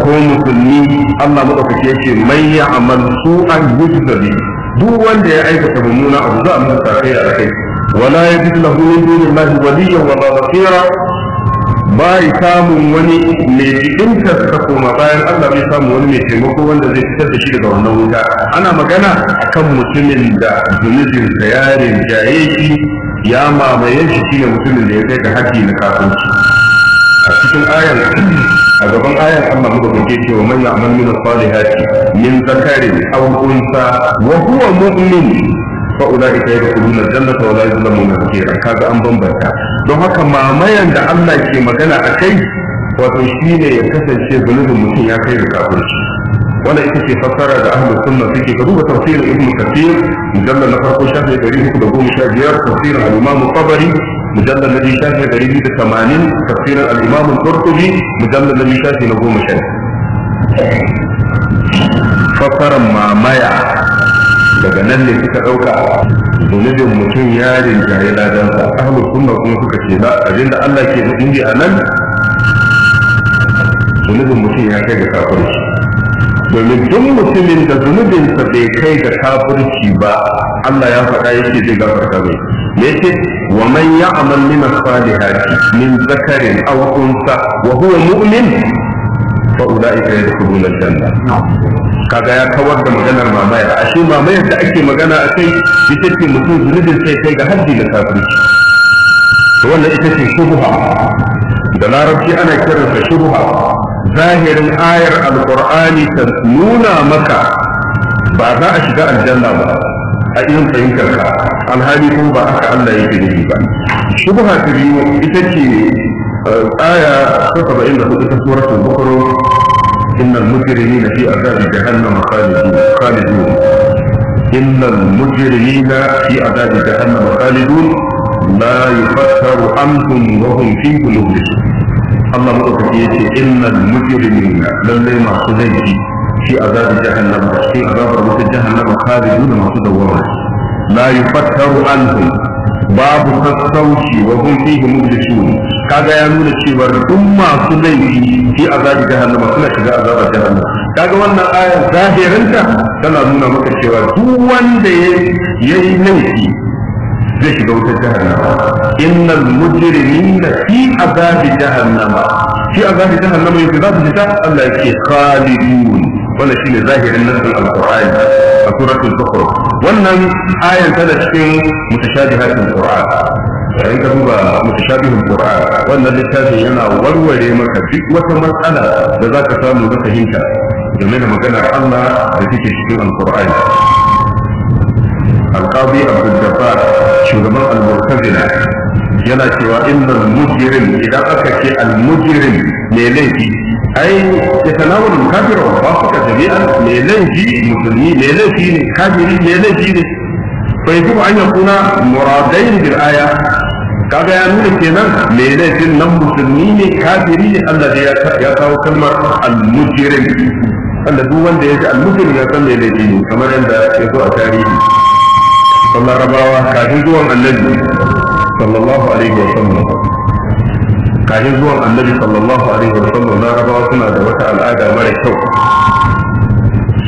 Speaker 1: ko musulmi Allah madaukake yake mai ya'mal su'an yuzlabi duk wanda ya aikata mummuna abu za a masa kai a kai wala yajid lahu min dunillahi waliyyan wala nasira ba yi samun wani mai jikinta ta koma bayan Allah bai samu wani mai taimako wanda zai fitar da shi daga wannan wuta ana magana akan mutumin da zunubin yarin jaye shi ya mamaye shi shine mutumin da ya kai ga haƙi na kafinci a cikin ayar a gaban ayan Allah muka kake cewa man ya'mal min salihati min zakarin aw unsa wa huwa mu'min fa ulaika yadkhuluna aljannata wa la yuzlamuna nakira kaga an bambanta don haka mamayan da Allah ke magana kai. wato shine ya kasance zunubin mutum ya kai da kafirci wanda ita ce fassara da ahlus sunna suke ka duba tafsirin ibnu kathir mujallal na farko shafi 315 tafsirin al-imam tabari مجلد الذي شافه قريب من 80 تفسير الامام القرطبي مجلد الذي شافه نبوه مشاهد فسر ما daga nan ne suka ɗauka zunubin mutum ya rinjaye ladansa ahlus sunna kuma suka ce na abinda Allah ke nufi a nan zunubin mutum ya kai ga kafirci domin duk mutumin da zunubinsa bai kai ga kafirci ba Allah ya faɗa yake zai gafarta mai me yake wa man ya'mal min as-salihati min zakarin aw unsa wa huwa mu'min fa ulaika yadkhuluna al-janna kaga ya kawar da maganar mamayar ashe mamayar da ake magana a kai ita ce mutum zunubin sai kai ga haddi da kafirci to wannan ita ce shubha da larabci ana kiransa shubuha zahirin ayar alqur'ani ta nuna maka ba za a shiga aljanna ba a irin fahimtar ka alhali kuma ba haka Allah yake nufi ba shubha ta biyu ita ce eh, aya ta 74 ta suratul bukhrah إن المجرمين في عذاب جهنم خالدون خالدون إن المجرمين في عذاب جهنم خالدون لا يفتر عنهم وهم في قلوبهم الله أكبر يأتي إن المجرمين للي ما صدقي في عذاب جهنم في عذاب جهنم خالدون ما صدقوا لا يفتر عنهم babu sassauci wa himu da shi. kaga ya nuna cewa duk masu laifi fi azabi jahannama suna shiga zaɓa jahannama kaga wannan ayar zahirinta tana nuna maka cewa duk wanda ya yi laifi zai shiga wutar jahannama innal mujrimina fi azabi jahannama fi azabi jahannama yake za su fita Allah yake khalidun wannan shine zahirin nassin alqur'ani a suratul zukhruf wannan ayan tana cikin mutashabihatul qur'an yayin ka duba mutashabihul qur'an wannan littafin yana warware maka duk wata matsala da zaka samu na fahimta game da maganar Allah da take cikin alqur'ani القاضي عبد الجبار شغمان المعتزلة yana cewa innal mujrim idan aka ce al mai laifi ai ya tanawul kafir wa fasika jami'an mai laifi musulmi mai laifi ne kafiri mai laifi ne bai kuma an yakuna muradain bil aya kaga ya nuna kenan mai laifin nan musulmi ne kafiri ne Allah ya ya kawo kalmar al-mujrim wanda duk wanda ya ji al-mujrim ya san mai laifi ne kamar yadda ya zo a tarihi sallar rabawa kafin zuwan annabi sallallahu alaihi wa sallam kaje zuwan annabi sallallahu alaihi wa sallam rabawa suna da wata al'ada mara kyau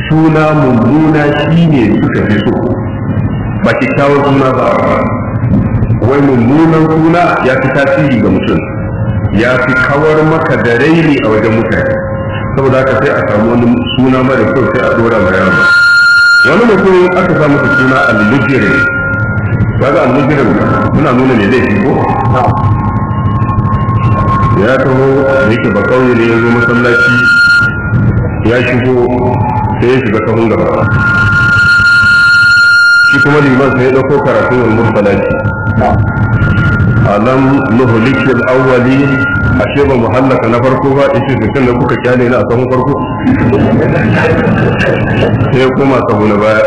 Speaker 1: suna mummuna shine suka fi so ba kyakkyawar suna ba wai mummunan suna ya fi tasiri ga mutum ya fi kawar maka da raini a wajen mutane saboda haka sai a samu wani suna mara kyau sai a dora ma yaro wani mutum aka sa masa suna al-mujrim kaga al-mujrim suna nuna ne zai fi ko ya taho da yake ba kawai ne ya zo masallaci ya shigo sai ya shiga sahun gaba shi kuma liman sai ya ɗauko karatun wani mursalaki a nan nuhulikin awwali a ba mu hallaka na farko ba ishe kan da kuka kyale na a sahun farko sai koma sabu na baya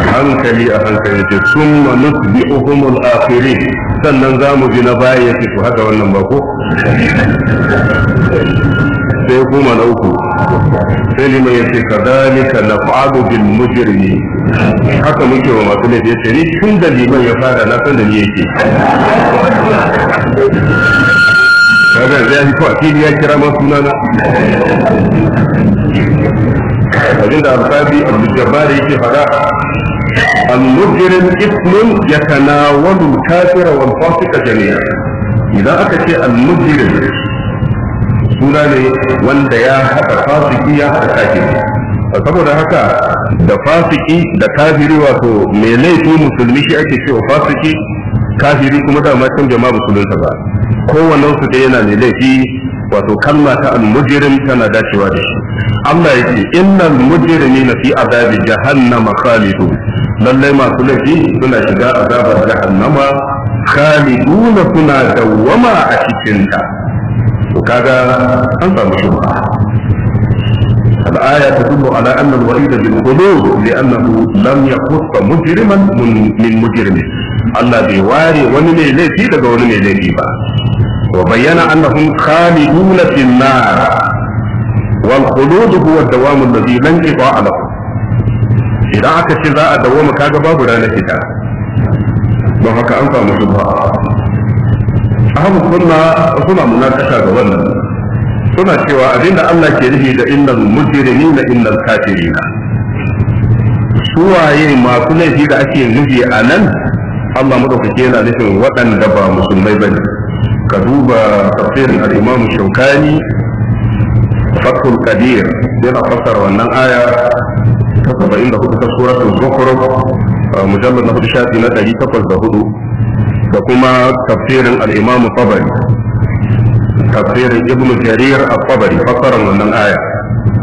Speaker 1: A hankali a hankali ce sun nutbi'uhum al-akhirin sannan za mu ji na baya yake to haka wannan ba ko sai kuma na uku sai liman ya ce ka zalika na fa'adu bil mujrimi haka muke wa masu laifi ce ni tun da liman ya fara na san da ni yake kaga ya yi kwa fili ya kira ma sunana abin da alfabi abdujabbar yake fara al-mujrim ismun yatanawalu al-kafira wal fasiqa jami'an idan aka ce al-mujrim suna ne wanda ya haɗa fasiki ya haɗa kafiri saboda haka da fasiki da kafiri wato mai laifin musulmi shi ake cewa fasiki kafiri kuma dama can jama'a musulunta ba kowanne su dai yana mai laifi wato kalma ta al-mujrim tana dacewa da shi Allah yake innal mujrimina fi azabi jahannama khalidun lallai masu laifi suna shiga azabar jahannama خالدون كنا دوما a وكذا أنت kaga الآية تدل على أن الوعيد بالخلود لأنه لم يخص مجرما من, من مجرمه الله بيواري ونمي ليتي لقى نمي ليتي با وبين أنهم خالدون في النار والخلود هو الدوام الذي لن انقطاع له إذا عكس إذا الدوام كاغبا بلا نكتا don haka an samu A ahlu sunna suna munakasha ga wannan suna cewa abinda Allah ke nufi da innal mujrimina innal kafirina suwaye masu laifi da ake nufi a nan Allah madaukake yana nufin waɗanda ba musulmai bane ka duba tafsirin al-Imam Shawkani Fathul Qadir yana fassara wannan aya ta 74 ta suratul Zukhruf آه، مجلد نهو بشاتي نتجي تفز دهدو دكما تفسير الإمام الطبري تفسير ابن جرير الطبري فصرا من الآية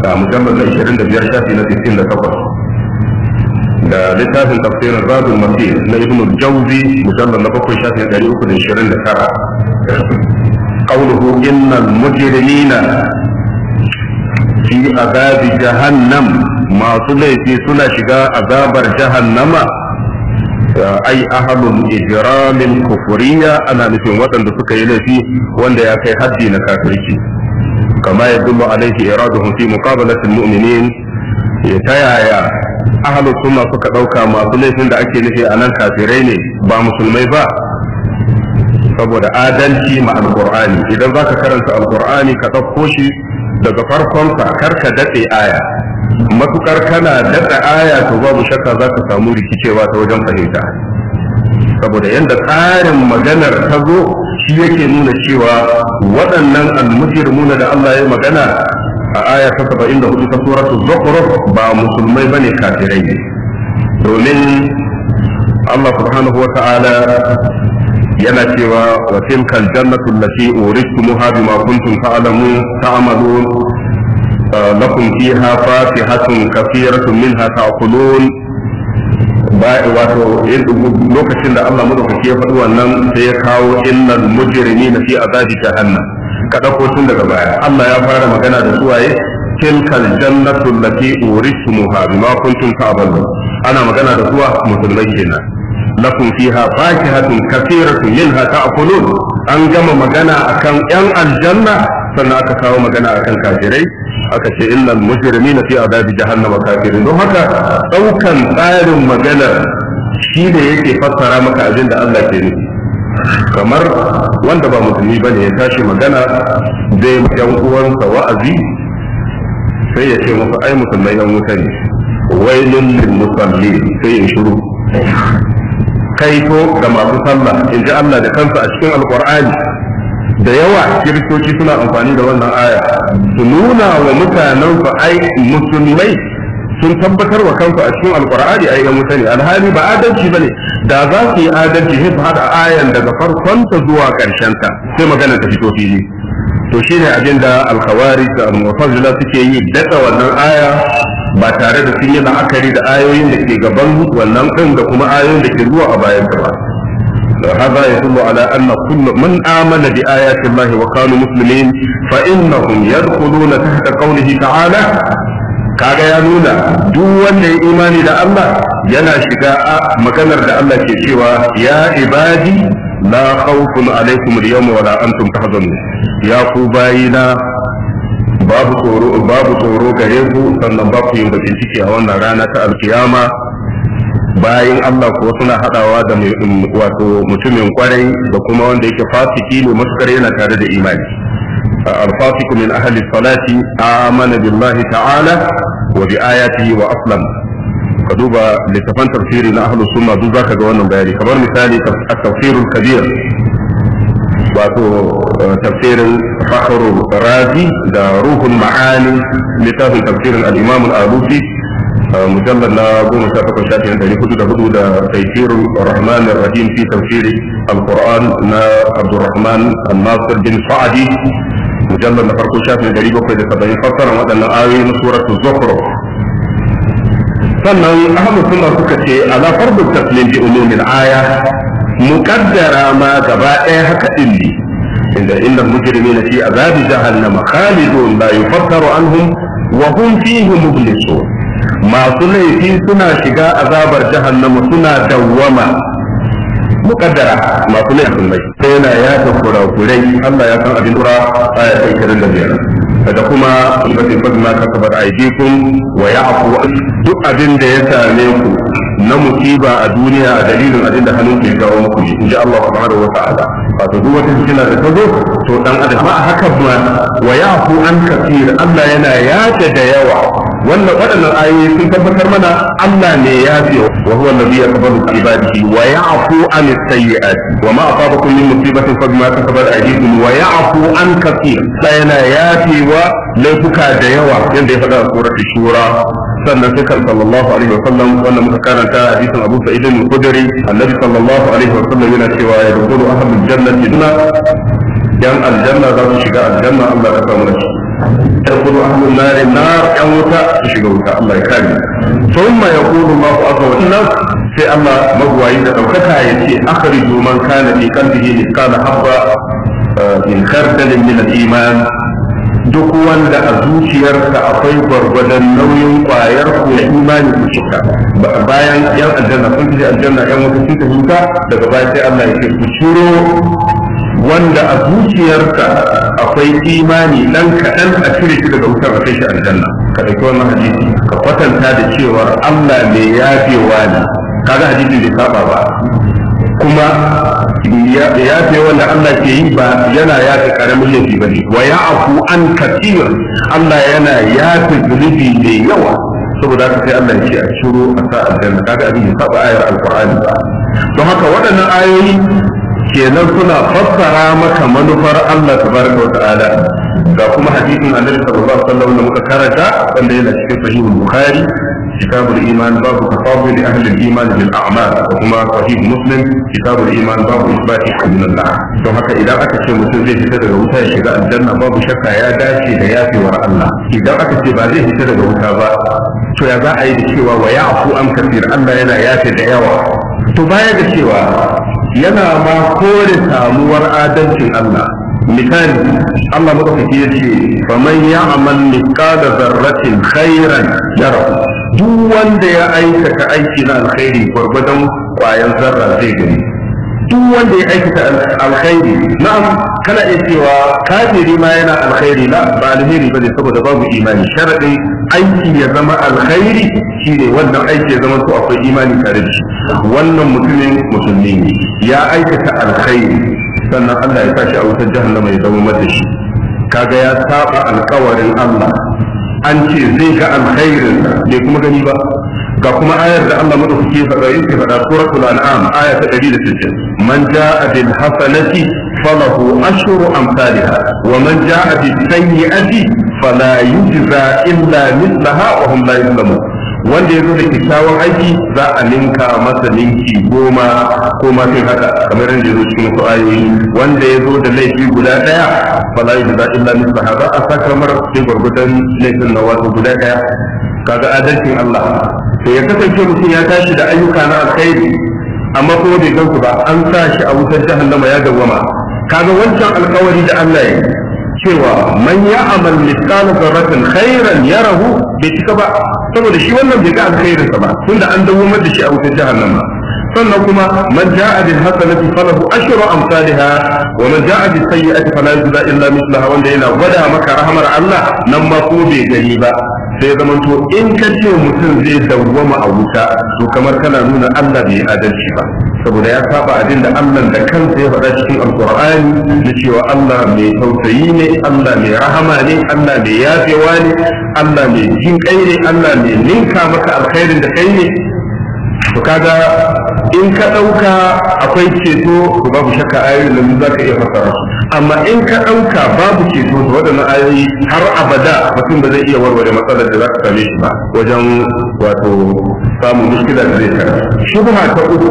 Speaker 1: آه، مجلد نشرين دبير شاتي نتجي تفز لتاه تفسير الراد المسيح لابن الجوزي مجلد نبقى شاتي نتجي أكد نشرين دكارا قوله إن المجرمين في عذاب جهنم masu laifi suna shiga azabar jahannama ai ahalun ijramin kufuriya ana nufin waɗanda suka yi laifi wanda ya kai haddi na kafirci kama ya dullu alaihi iraduhum fi muqabalatil mu'minin ya yaya, ahalul sunna suka ɗauka masu laifin da ake nufi a nan kafirai ne ba musulmai ba saboda adalci ma alqur'ani idan zaka karanta alqur'ani ka ɗauko shi daga farkonsa kar ka daɗe aya matukar kana daɗa aya to babu shakka za ka samu rikicewa ta wajen fahimta saboda yadda tsarin maganar ta zo shi yake nuna cewa waɗannan almujirmuna da Allah ya magana a aya ta saba'in da hudu ta suratu zukhruf ba musulmai ba ne kafirai ne domin Allah subhanahu wa ta'ala yana cewa wa tilkal jannatu allati uridtumuha bima kuntum ta'lamun ta'malun lakum fiha fafihatun kafiratun minha ta'kulun ba wato lokacin da Allah madaukaki ya faɗi wannan sai ya kawo illal mujrimina fi azabi jahannam ka dauko tun daga baya Allah ya fara magana da suwaye tilkal jannatu allati uritumuha bima kuntum ta'malun ana magana da suwa musulmai kenan lakum fiha fakihatun kathiratun minha ta'kulun an gama magana akan yan aljanna sannan aka kawo magana akan kafirai aka ce illal mujrimina fi adabi jahannama kafirin don haka daukan tsarin maganar shi ne yake fassara maka abin da Allah ke nufi kamar wanda ba musulmi ne ya tashi magana zai yan uwansa wa'azi sai ya ce musu ai musulmai yan wuta ne wailul lil musallin sai ya shiru kaito ga masu sallah in ji Allah da kansa a cikin alqur'ani da yawa kiristoci suna amfani da wannan aya su nuna wa mutanen su ai musulmai sun tabbatar wa kansu a cikin alkur'ani ai ga mutane alhali ba adalci bane da za su yi adalci sai su hada ayan daga farkon ta zuwa karshen ta sai magana ta fito fili to shine abin da alkhawarij da mu'tazila suke yi daga wannan aya ba tare da sun yi la'akari da ayoyin da ke gaban wannan din da kuma ayoyin da ke zuwa a bayan ta ba هذا يدل على أن كل من آمن بآيات الله وقالوا مسلمين فإنهم يدخلون تحت قوله تعالى kaga ya nuna duk wanda ya imani da Allah yana shiga a maganar da Allah ke cewa ya ibadi la khawfun alaikum al-yawma wa la antum tahzanun ya ku bayina babu tsoro babu tsoro gare ku sannan ba ku yin bakin ciki a wannan rana ta alkiyama bayan Allah ko suna hadawa da wato mutumin kwarai da kuma wanda yake fasiki ne matukar yana tare da imani al-fasiku min ahli salati amana billahi ta'ala wa bi ayatihi wa aslam ka duba littafan tafsiri na ahli sunna duk zaka ga wannan bayani kamar misali at-tafsirul kabir wato tafsirin fakhrul razi da ruhul ma'ani littafin tafsirin al-imam al-alusi آه، مجلد لا أظن شافك شاكي عند حدود حدود تيسير الرحمن الرحيم في تفسير القرآن نا عبد الرحمن الناصر بن سعدي مجلد نفرق شاكي عند حدود حدود تبعي فصر وأن آوي سورة الزخر فنن أهم ثم سكتي على فرض التسليم في بأمور الآية مقدر ما تبع إيهك إلي إن إن المجرمين في عذاب جهنم خالدون لا يفتر عنهم وهم فيه مبلسون masu laifi suna shiga azabar jahannama suna dawwama mukaddara masu laifin mai sai yana yata kurakurai Allah ya san abin kura aya ta 25 da kuma ibadin fadma kasabar aidikum wa ya'fu duk abin da ya same ku na musiba a duniya a dalilin abin da hannun ke kawo muku ji inji Allah subhanahu wa ta'ala wato duk wata fitina da ta zo to dan adam ma haka ma wa yafu an kafir Allah yana yace da yawa wannan waɗannan ayoyi sun tabbatar mana Allah ne ya fi wa huwa alladhi yaqbalu ibadihi wa ya'fu an sayyi'at wa ma asabakum min musibatin fa bima kasabat aydikum wa ya'fu an kathir sai yana fi wa laifuka da yawa yanda ya faɗa a suratul shura sannan sai kan sallallahu alaihi wa sallam wannan muka karanta hadisin Abu Sa'id al-Khudri annabi sallallahu alaihi wa sallam yana cewa ya dukulu ahlul jannati dunna yan aljanna za su shiga aljanna Allah ya samu da shi تدخل أهل النار النار أو تشغلك الله يكرمك ثم يقول الله عز وجل في الله مغواي دوكتا يتي أخرج من كان في قلبه مثقال حبة من خردل من الإيمان duk wanda a zuciyarsa akwai gwargwadon nauyin kwayar ko imani ko shirka bayan yan aljanna sun tafi aljanna yan wata sun tafi daga baya sai Allah ya ce ku shiro wanda a zuciyarka akwai imani dan kaɗan a cire shi daga wutar a kai shi aljanna ka ɗauki wannan hadisi ka kwatanta da cewa Allah mai yafewa ne kaga hadisin bai saba ba kuma yafe wanda Allah ke yi ba yana yafe karamin laifi ba ne wa ya'fu an katir Allah yana yafe zunubi da yawa saboda haka sai Allah ya ce a shiru a sa aljanna kaga abin ya saba ayar alqur'ani ba don haka waɗannan ayoyi kenan suna fassara maka manufar Allah tabaraka wa ta'ala ga kuma hadisin Annabi sallallahu alaihi wasallam da muka karanta wanda yana cikin sahihul Bukhari kitabul iman babu tafawul li ahli al-iman bil a'mal da kuma sahih Muslim kitabul iman babu isbati hamdulillah don haka idan aka ce mutum zai fita daga wuta ya shiga aljanna babu shakka ya dace da yafewar Allah idan aka ce ba zai fita daga wuta ba to ya za a yi da cewa wa ya'fu an kafir Allah yana yafe da yawa to baya da cewa yana ma kore samuwar adalcin Allah misali Allah madaukaki yace faman ya'mal mithqala dharratin khairan yara duk wanda ya aikata aiki na alkhairi gwargwadon kwayan zarra zai gani duk wanda ya aikata alkhairi na'am kana iya cewa kafiri ma yana alkhairi la ba alheri bane saboda babu imani sharadi aiki ya zama alkhairi shine wannan aiki ya zama to akwai imani tare da shi wannan mutumin musulmi ne ya aikata alkhairi sannan Allah ya tashi a wutar jahannama ya zama mata shi kaga ya saba alkawarin Allah an ce zai ga alkhairin bai kuma gani ba ga kuma ayar da Allah madaukaki faɗa yake faɗa suratul an'am aya ta 160 man jaa bil hasanati falahu ashru amsalha wa man jaa bis sayyi'ati fala yujza illa mithlaha wa hum la yuzlamun wanda ya zo da kyakkyawan aiki za a ninka masa ninki goma ko ma kai haka kamar yadda ya zo cikin wasu ayoyi wanda ya zo da laifi guda daya fala yujza illa mithlaha za a saka mara cikin gurgudan laifin na wato guda daya kaga adalcin Allah to ya kasance mutum ya tashi da ayyuka na alkhairi amma kuma bai gansu ba an sa shi a wutar jahannama ya dawwama kaga wancan alkawari da Allah ya cewa man ya amal mithqala dharratin khairan yarahu bai cika ba saboda shi wannan bai ga alkhairinsa ba tunda an dawwamar da shi a wutar jahannama sannan kuma man ja'a bil hasanati falahu ashru amsalha wa man ja'a bis sayyi'ati fala yujza illa mislaha wanda yana gwada maka rahmar Allah nan ma ko bai gani ba sai zamanto in ka ce mutum zai dawwama a wuta to kamar kana nuna Allah bai adalci ba saboda ya saba abin da Allah da kansa ya faɗa cikin alkur'ani da cewa Allah mai tausayi ne Allah mai rahama ne Allah mai yafewa ne Allah mai jin ne Allah mai ninka maka alkhairin da kai ne to kaga in ka ɗauka akwai ceto to babu shakka ayoyin nan za ka iya fassara amma in ka ɗauka babu ceto to waɗannan ayoyi har abada mutum ba zai iya warware matsalar da za ka same shi ba wajen wato samun muskila da zai kara shubha ta uku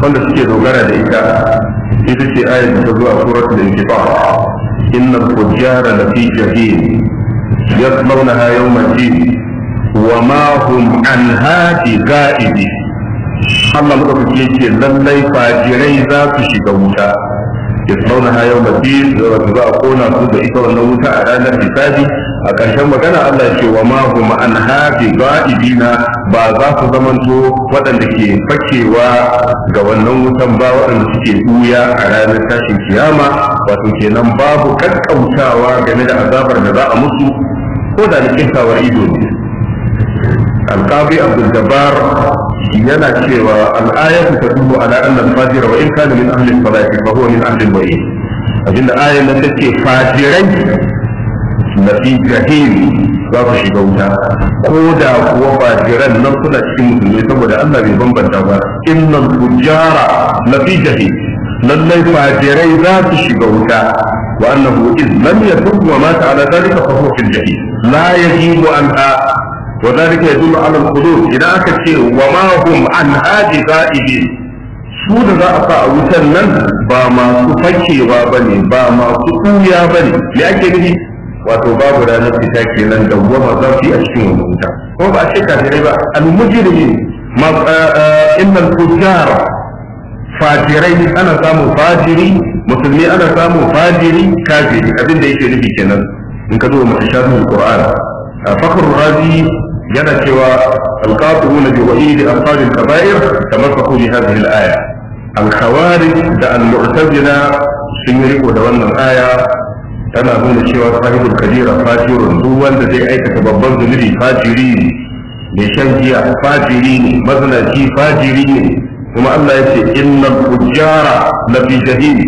Speaker 1: wanda suke dogara da ita ita ce ayar da ta zo a ba inna innal fujjara lafi jahim yasmawnaha yawma jin wa ma hum an hadi ga'ibi Allah muka ce lallai fajirai za su shiga wuta yasrauna ha yawma din da za a kona su da ita wannan wuta a ranar hisabi a ƙarshen magana Allah ce wa ma hum ba za su zamanto waɗanda ke fakewa ga wannan wutan ba waɗanda suke ɓuya a ranar tashin kiyama wato kenan babu kakkautawa game da azabar da za a musu ko da da kintawar ido ne القاضي عبد الجبار يلا شيوا الآية تدل على أن الفاجر وإن كان من أهل الصلاة فهو من أهل الوعيد أجل الآية التي فاجرين نفي جهيم باب شبوتا كودا وفاجرا ننصد الشموس ويسمى لأن ربما بنتابا إن الفجار نفي جهيم لله فاجري ذات شبوتا وأنه إذ لم يتوب ومات على ذلك فهو في الجحيم لا يجيب أن wa zalika yadullu ala al idan aka ce wa ma hum an haji ghaibin su da za a sa a wutan nan ba masu fakewa bane ba masu kuya bane me ake nufi wato babu ranar fita kenan da goma za su yi a cikin wani kuma ba a ce kafirai ba al-mujrimin eh, eh, innal fujjar fajirai ana samun fajiri musulmi ana samun fajiri kafiri abin da yake nufi kenan in ka yana cewa alqatiluna bi wa'id amsal al-kaba'ir kamar tamassaku bi hadhihi al-aya al-khawarij da al-mu'tazila sun yi riko da wannan aya tana nuna cewa sahibul kadira fajirun duk wanda zai aikata babban zunubi fajiri ne mai shan giya fajiri ne mazinaci fajiri ne kuma Allah ya ce innal fujara la fi jahim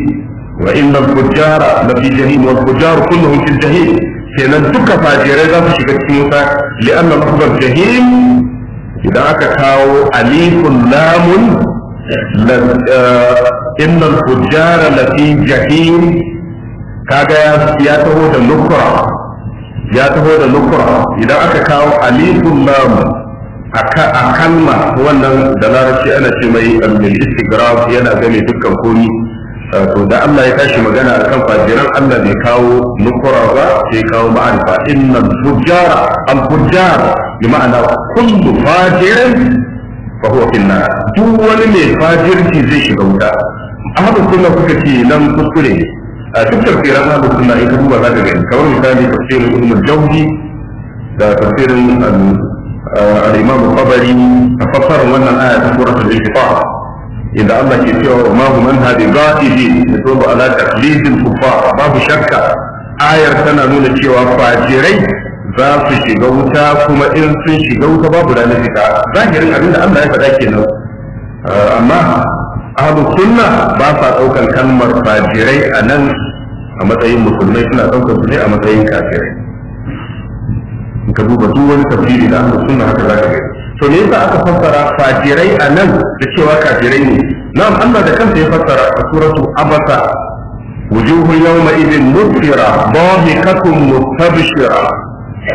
Speaker 1: wa innal fujara la fi jahim wal fujaru kulluhum fi jahim kenan duka fajirai za su shiga cikin wuta li'anna mahbar jahim idan aka kawo alifun lamun eh, innal fujjara lafi jahim kaga ya taho da nukra ya taho da nukra idan aka kawo alifun lamun a kalma wannan da larabci ana ce mai al-istigraf yana gane dukkan komi Eh, to da Allah ya tashi magana kan fajiran Allah bai kawo nukura ba sai kawo ma'arifa innal fujjara al fujjar bi ma'ana kullu fajirin fa huwa fi nar duk wani mai fajirci zai shiga wuta amma sunna kuka ce nan kuskure a eh, duk tafsirin Allah sunna in ka duba za ka gani kawai misali tafsirin Ibn Jawzi da tafsirin eh, al-Imam Tabari a fassarar wannan aya ta suratul Intifar inda Allah ke cewa ma hum an hadi ghaibin da to ala taqlidil kuffar babu shakka ayar tana nuna cewa fajirai za su shiga wuta kuma in sun shiga wuta babu ranar fita zahirin abin da ya faɗa kenan eh, amma ahlu sunna ba sa ɗaukar kalmar fajirai a nan a matsayin musulmai suna ɗaukar su ne a matsayin duba haka za to me yasa aka fassara fajirai a nan da cewa kafirai ne na'am Allah da kansa ya fassara a suratu abasa wujuhu yawma idin mudfira dhahikatun mustabshira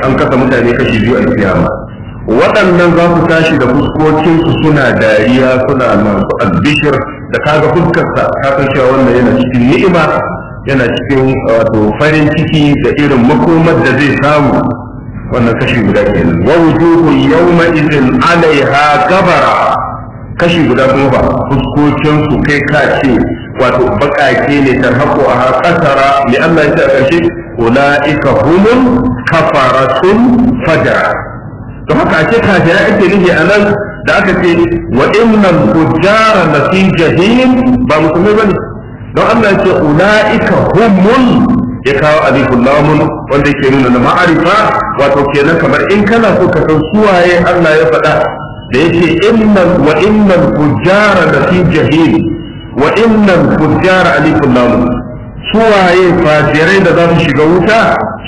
Speaker 1: an kasa mutane kashi biyu a kiyama waɗannan za su tashi da fuskokinsu suna dariya suna masu albishir da kaga fuskarsa ka san cewa wannan yana cikin ni'ima yana cikin wato farin ciki da irin makomar da zai samu wannan kashi guda kenan wa wujuhun yawma idin alaiha gabara kashi guda kuma ba fuskocin su kai ka wato bakake ne ta hako a kasara li Allah ya ce a karshe ulaika humul kafaratun fajara to haka ake kafira ake nufi a nan da aka ce wa innal fujara la fi jahim ba musulmai bane don Allah ya ce ulaika humul ya kawo alifun lamun wanda yake nuna na ma'arifa wato kenan kamar in kana so ka san suwaye Allah ya faɗa da yake innal wa innal fujjara da fi jahil wa innal fujjara alifun lamun suwaye fajirai da za su shiga wuta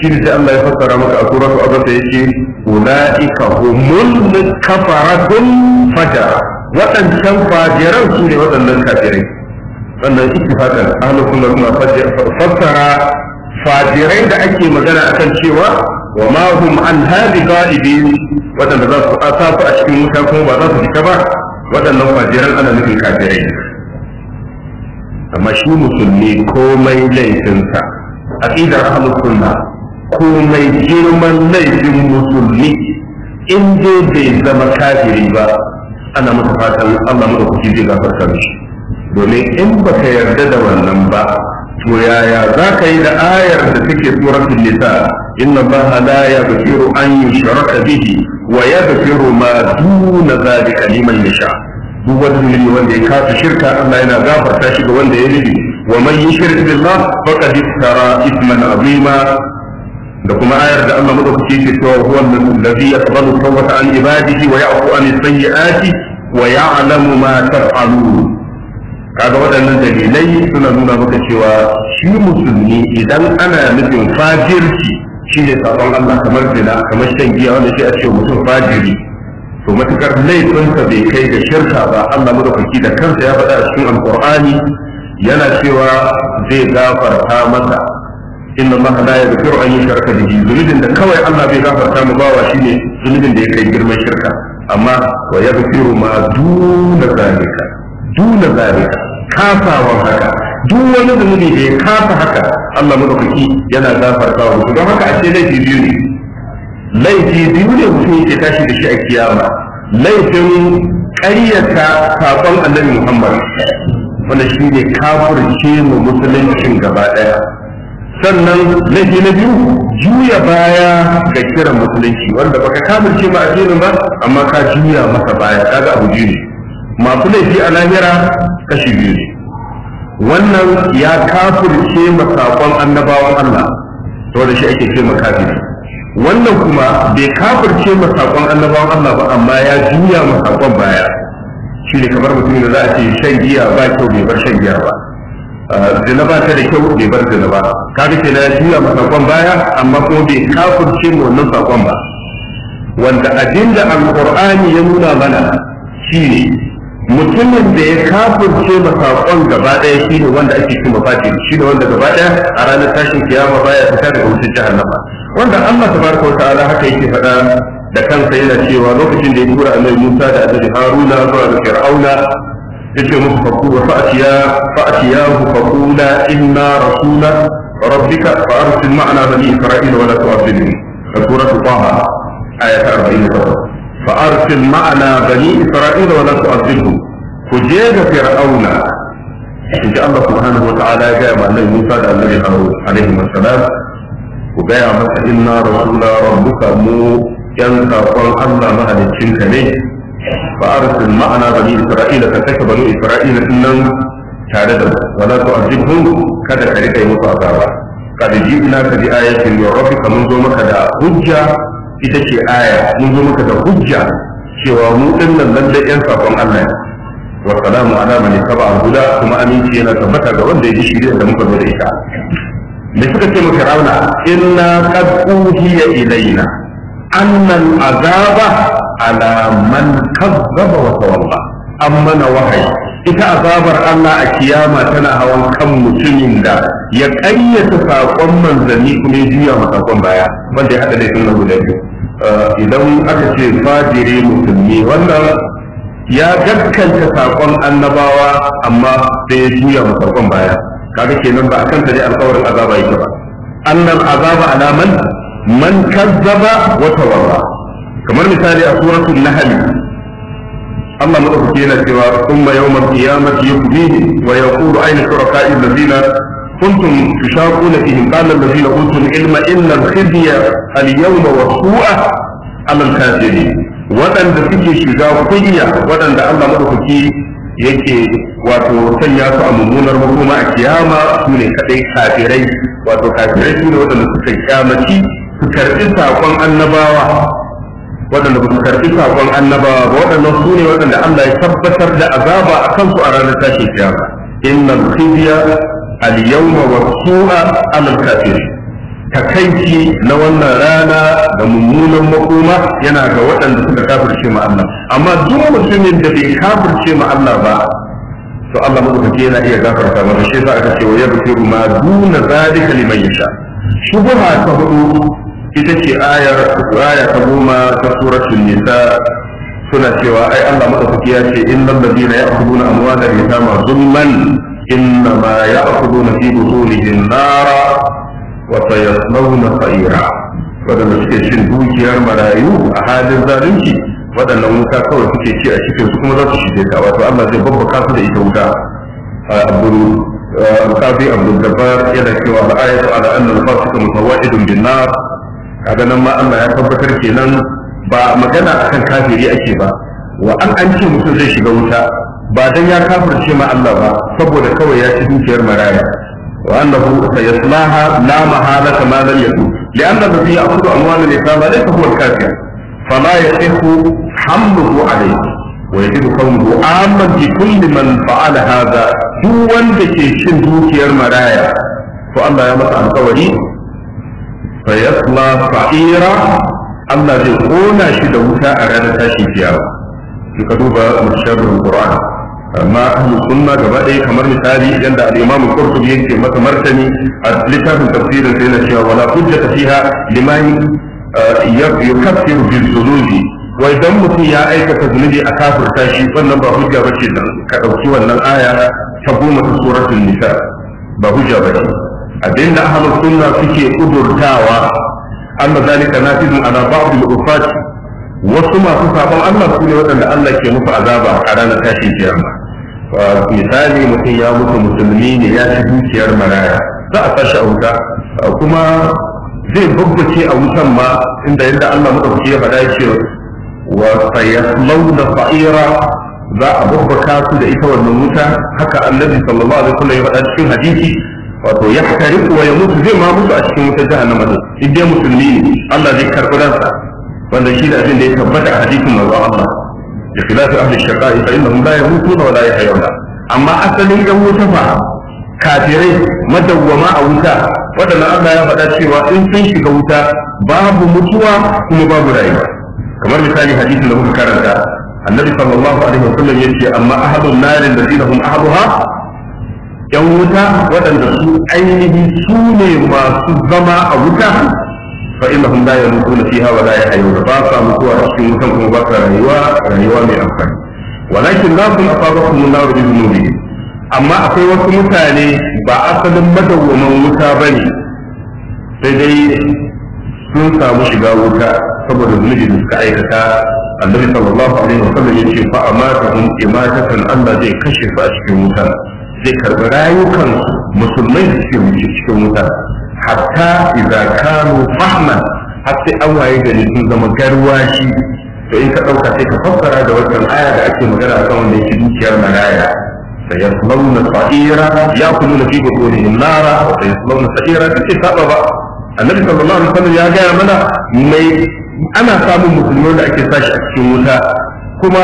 Speaker 1: shi ne sai Allah ya fassara maka a suratu abasa yake ulaika humul kafaratun fajara waɗancan fajiran su ne waɗannan kafirai sannan ittifaqan ahlus sunna kuma fassara fajirai da ake magana akan cewa wa ma hum an hadi ga'ibin wadanda za su asa su a cikin wuta kuma ba za su fita ba waɗannan fajiran ana nufin kafirai amma shi musulmi komai laifinsa aqidar ahlus sunna komai girman laifin musulmi in dai bai zama kafiri ba ana masa fatan Allah maka kuki zai gafarta mishi domin in baka yarda da wannan ba ويايا ذاك إذا آية تفكي سورة النساء إن الله لا يبشر أن يشرك به ويبشر ما دون ذلك لمن يشاء هو الذي يولي كاف شركا أما إن غافر تشك ولي ومن يشرك بالله فقد افترى إثما عظيما لكم آية أما مدرك كيف وهو الذي يقبل التوبة عن عباده ويعفو عن السيئات ويعلم ما تفعلون kaga waɗannan dalilai suna nuna maka cewa shi musulmi idan ana nufin fajirci shi ne sabon Allah kamar zina kamar shan giya wanda shi a ce mutum fajiri to matukar laifinsa bai kai ga shirka ba Allah madaukaki da kansa ya faɗa a cikin alqur'ani yana cewa zai gafarta masa inna Allah la yaghfiru an yushraka bihi zunubin da kawai Allah bai gafarta mu bawa shine zunubin da ya kai girman shirka amma wa yaghfiru ma duna zalika duna zalika kasawan haka duk wani zunubi da ya kasa haka Allah madaukaki yana gafarta wa don haka ashe laifi biyu ne laifi biyu ne mutum yake tashi da shi a kiyama laifin ƙaryata saƙon annabi Muhammad wanda shi ne kafirce mu musuluncin gaba ɗaya sannan laifi na biyu juya baya ga kiran musulunci wanda baka kafirce ma addinin ba amma ka juya masa baya kaga abu biyu masu laifi a lahira kashi biyu ne wannan ya kafirce masakon annabawan Allah da shi ake ce makafiri wannan kuma bai kafirce masakon annabawan Allah ba amma ya juya masakon baya shi ne kamar mutum da za a ce shan giya ba kyau bai bar shan giya ba zina ba ta da kyau bai bar zina ba kaga ke na juya masakon baya amma kuma bai kafirce mu wannan sakon ba wanda abinda alqur'ani ya nuna mana ne. mutumin da ya kafirce ba saƙon gaba ɗaya shi ne wanda ake cin mafati shi ne wanda gaba ɗaya a ranar tashin kiyama baya fita daga wutar jahannama wanda Allah tabaraka wa ta'ala haka yake faɗa da kansa yana cewa lokacin da ya tura annabi Musa da annabi Haruna zuwa ga Fir'auna yace musu faqu wa fa'tiya fa'tiyahu faqula inna rasula rabbika fa'arsil ma'ana bani isra'ila wa la tu'adhibni suratul taha ayat 48 fa arsil ma'ana bani isra'ila wa la tu'adhibhum ku je ga fir'auna in ji Allah subhanahu wa ta'ala ya gaya ma annabi Musa da annabi Harun alaihi wassalam ku gaya masa inna rasula rabbuka mu yan sakon Allah mahaliccin ka ne fa arsil ma'ana bani isra'ila ka kashe bani isra'ila din nan tare da wala tu'adhibhum kada ka rika yi musu azaba kada ji'ina ka bi ayatin min rabbika mun zo maka da hujja ita ce aya mun zo muka da hujja cewa mu dinnan da yan sakon Allah wa salamu ala man taba huda kuma aminci yana tabbata ga wanda ya ji shirye da muka zo da ita da suka ce maka rauna inna qad uhiya ilaina anna azaba ala man kazzaba wa tawalla amma na wahayi ita azabar Allah a kiyama tana hawan kan mutumin da ya ƙayyata saƙon manzanni kuma ya juya ma saƙon baya wanda ya haɗa da sunan guda biyu uh, idan aka ce fajiri musulmi wannan ya gaskanta saƙon annabawa amma sai ya juya ma saƙon baya kaga kenan ba a kanta dai alƙawarin azaba yake ba Annan azaba alaman man kazzaba wa tawarra kamar misali a suratul nahl Allah madaukake yana cewa thumma yawmal qiyamati yukhzihi wa yaqulu ayna shuraka'i alladhina كنتم تشاقون فيهم قال الذين اوتوا العلم ان الخزي اليوم والسوء على الكافرين waɗanda suke shiga kunya waɗanda Allah maɗaukaki yake wato sanya su a mummunar makoma a kiyama su ne kaɗai kafirai wato kafirai su ne waɗanda suka kyamaci su karɓi saƙon annabawa waɗanda ba su karɓi saƙon annaba ba waɗannan su ne waɗanda Allah ya tabbatar da azaba a kansu a ranar tashin kiyama innal khizya al yawma wa su'a al kafirin takaici na wannan rana da mummunan makoma yana ga waɗanda suka kafirce ma Allah amma duk mutumin da bai kafirce ma Allah ba to Allah madaukake yana iya gafarta masa shi yasa aka ce wa yabtiru ma duna zalika liman yasha shubha ta hudu ita ce ayar aya ta goma ta suratul nisa suna cewa ai Allah madaukaki ya ce innal ladina ya'khuduna amwalal yatama zulman inna ma ya'khuduna fi butunihim nara wa sayaslawna sa'ira wadanda suke cin dukiyar marayu a halin zalunci waɗannan wuta kawai suke ci a cikin su kuma za su shige ta wato Allah zai babba su da ita wuta abdul kafi abdul jabbar yana cewa al-ayatu ala anna al-fasiqa mutawa'idun bin nar kaga nan ma Allah ya tabbatar kenan ba magana akan kafiri ake ba wa an an ce mutum zai shiga wuta ba dan ya kafirce ma Allah ba saboda kawai ya ci dukiyar maraya wa annahu sayaslaha la mahala kama lam yakun li'anna alladhi ya'khudhu amwal al-yatim laysa huwa al-kafir fala yasihu hamluhu alayhi wa yajibu qawmuhu amman bi kulli man fa'ala hadha duk wanda ke cin dukiyar maraya to Allah ya masa alƙawari fa yasla Allah zai kona shi da wuta a ranar tashin kiyama in ka duba murshabul qur'an amma ahlus sunna gaba ɗaya kamar misali idan da al-imam qurtubi yake masa martani a littafin tafsirin sai na cewa wala hujjata fiha liman yukaffiru bi-dhunubi wai dan mutum ya aikata zunubi a kafirta shi wannan ba hujja bace dan ka dauki wannan aya ta goma ta suratul nisa ba hujja bace abinda ahlus sunna suke kudurtawa anna zalika nasibun ala ba'd al-ufat wasu masu sabon Allah su ne waɗanda Allah ke musu azaba a ranar tashin kiyama misali mutum ya mutu musulmi ne ya ci dukiyar maraya za a sashi a wuta kuma zai babbace a wutan ma inda yadda Allah madaukaki ya faɗa yake wa sayaslawna fa'ira za a babbaka su da ita wannan wuta haka annabi sallallahu alaihi wasallam ya faɗa cikin hadisi wato ya tariku wa ya mutu zai ma mutu a cikin wutar jihar din in dai musulmi ne Allah zai karɓi ransa wanda shi da abin da ya tabbata a hadisin manzon Allah da khilafi ahli shaqa'i fa innahum la yamutuna wa la yahyawna amma asalin yan wuta fa kafirai madawwama a wuta waɗannan Allah ya faɗa cewa in sun shiga wuta babu mutuwa kuma babu rayuwa kamar misali hadisin da muka karanta annabi sallallahu alaihi wasallam yace amma ahadun narin da dinahum ahaduha yan wuta waɗanda su ainihi su ne masu zama a wuta fa inna hum la yamutuna fiha wa la yahyuna ba sa mutuwa a cikin wutan kuma ba sa rayuwa rayuwa mai amfani walakin lahum asabahum an-nar bi dhunubihim amma akwai wasu mutane ba asalin madawwaman wuta ba ne. sai dai sun samu shiga wuta saboda zunubi da suka aikata annabi sallallahu alaihi wasallam yace fa amatahum imatatan Allah zai kashe su a cikin wuta zai karɓi rayukan musulmai da suke wuce cikin wuta hatta idza kanu fahman har sai an waye gari sun zama garwashi to in ka ɗauka sai ka fassara da wannan aya da ake magana akan wanda yake dukiyar malaya. maraya sayaslawna sa'ira yakuluna fi butunihim nara wa sayaslawna sa'ira take saba ba annabi sallallahu alaihi wasallam ya gaya mana mai ana samun musulmai da ake sashi a cikin wuta kuma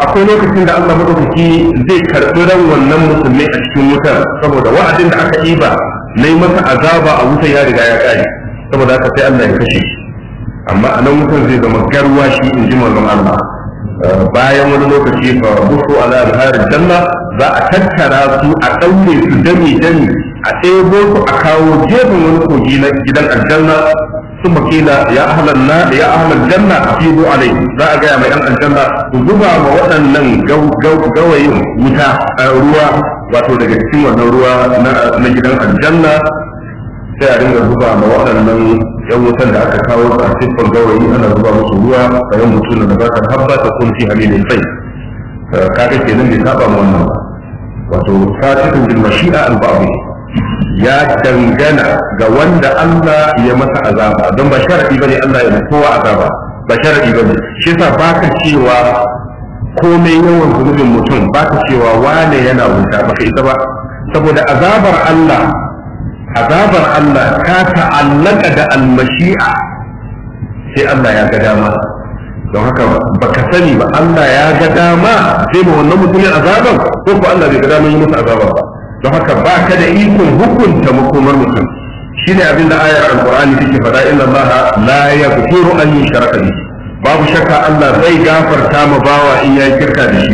Speaker 1: akwai lokacin da Allah madaukaki zai karɓi ran wannan musulmai a cikin wutar saboda wa'adin da aka yi ba na yi masa azaba a wutar ya riga ya kare saboda haka sai Allah ya kashe amma a nan wutar zai zama shi in ji manzon Allah uh, bayan wani lokaci fa musu ala alharin janna za a tattara su a ɗauke su dami dami a ɗebo su a kawo gefen wani kogi na gidan aljanna ثم قيل يا اهل a يا اهل الجنه افيدوا gaya لا اجا يا ميان الجنه زبا وودن لن جو جو جوي متا روى واتو دغه سين ودن روى من جدان الجنه sai a dinga zuba ma waɗannan ‘yan wutan da aka kawo a siffan gawayi ana zuba musu ruwa a yan mutum da ba ka haɓa ta kun hali ne sai ka ke nan bai wannan ba wato sa cikin jin mashi'a al-ba'a ya dangana ga wanda Allah ya masa azaba don ba shar'i bane Allah ya kowa azaba ba shar'i bane shi yasa baka cewa komai yawan zunubin mutum baka cewa wane yana wuta baka ita ba saboda azabar Allah azabar Allah ta ta'allaka da almashi'a sai Allah ya ga dama don haka baka sani ba Allah ya ga dama sai ma wannan mutumin azaban ko ko Allah bai ga dama yi masa azaban ba don haka ba ka da ikon hukunta makomar mutum shi ne abin da ayar alkur'ani take faɗa inna allaha la yaghfiru an yushraka bihi babu shakka Allah zai gafarta ma bawa in yayi kirka da shi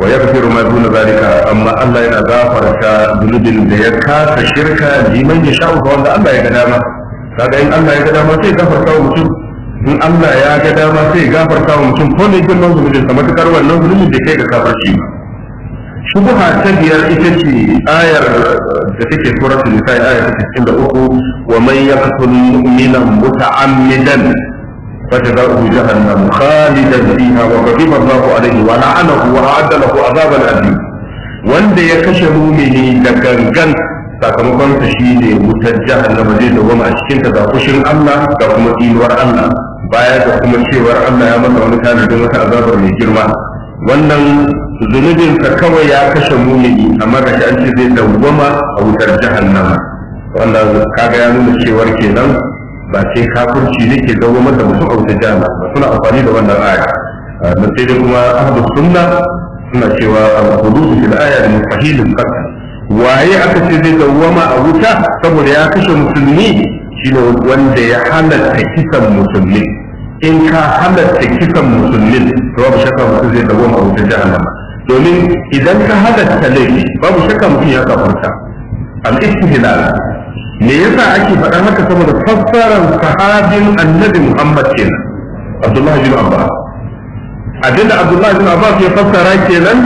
Speaker 1: wa ya yaghfiru ma duna zalika amma Allah yana gafarta zunubin da ya kasa shirka liman ya sha'u ga wanda Allah ya ga dama kaga in Allah ya ga dama sai gafarta wa mutum in Allah ya ga dama sai gafarta wa mutum ko ne girman zunubin sa matukar wannan zunubin da kai ga kafarci ba shubha ta biyar ita ce ayar da take suratul nisa ayar ta 63 wa man yaqtul mu'mina muta'ammidan فجزاؤه جهنم خالدا فيها وغضب الله عليه ولعنه وأعد له عذابا أليما wanda ya kashe mumini da gangan sakamakon sa shine wutar jahannama zai dawama a cikin ta fushin Allah da kuma tsinuwar Allah baya da kuma cewar Allah ya masa wani tanadin wata azabar mai girma wannan zunubinsa kawai ya kashe mumini amma ga an ce zai dawwama a wutar jahannama wanda kaga ya nuna cewar kenan ba sai kafirci ne ke dawwamar da mutum a wutar jahannama suna amfani da wannan aya ah, na sai dai kuma ahlu sunna suna cewa al-hududu fil aya da mustahilin qatl waye aka ce zai dawwama a wuta saboda ya kashe musulmi shine wanda ya halatta kisan musulmi in ka halatta kisan musulmin to ba shakka mutum zai dawwama a wutar jahannama domin idan ka halatta laifi babu shakka mutum ya kafarta al-istihlal me yasa ake faɗa haka saboda fassarar sahabin annabi Muhammad kenan Abdullahi bin Abbas abinda Abdullahi bin Abbas ya fassara kenan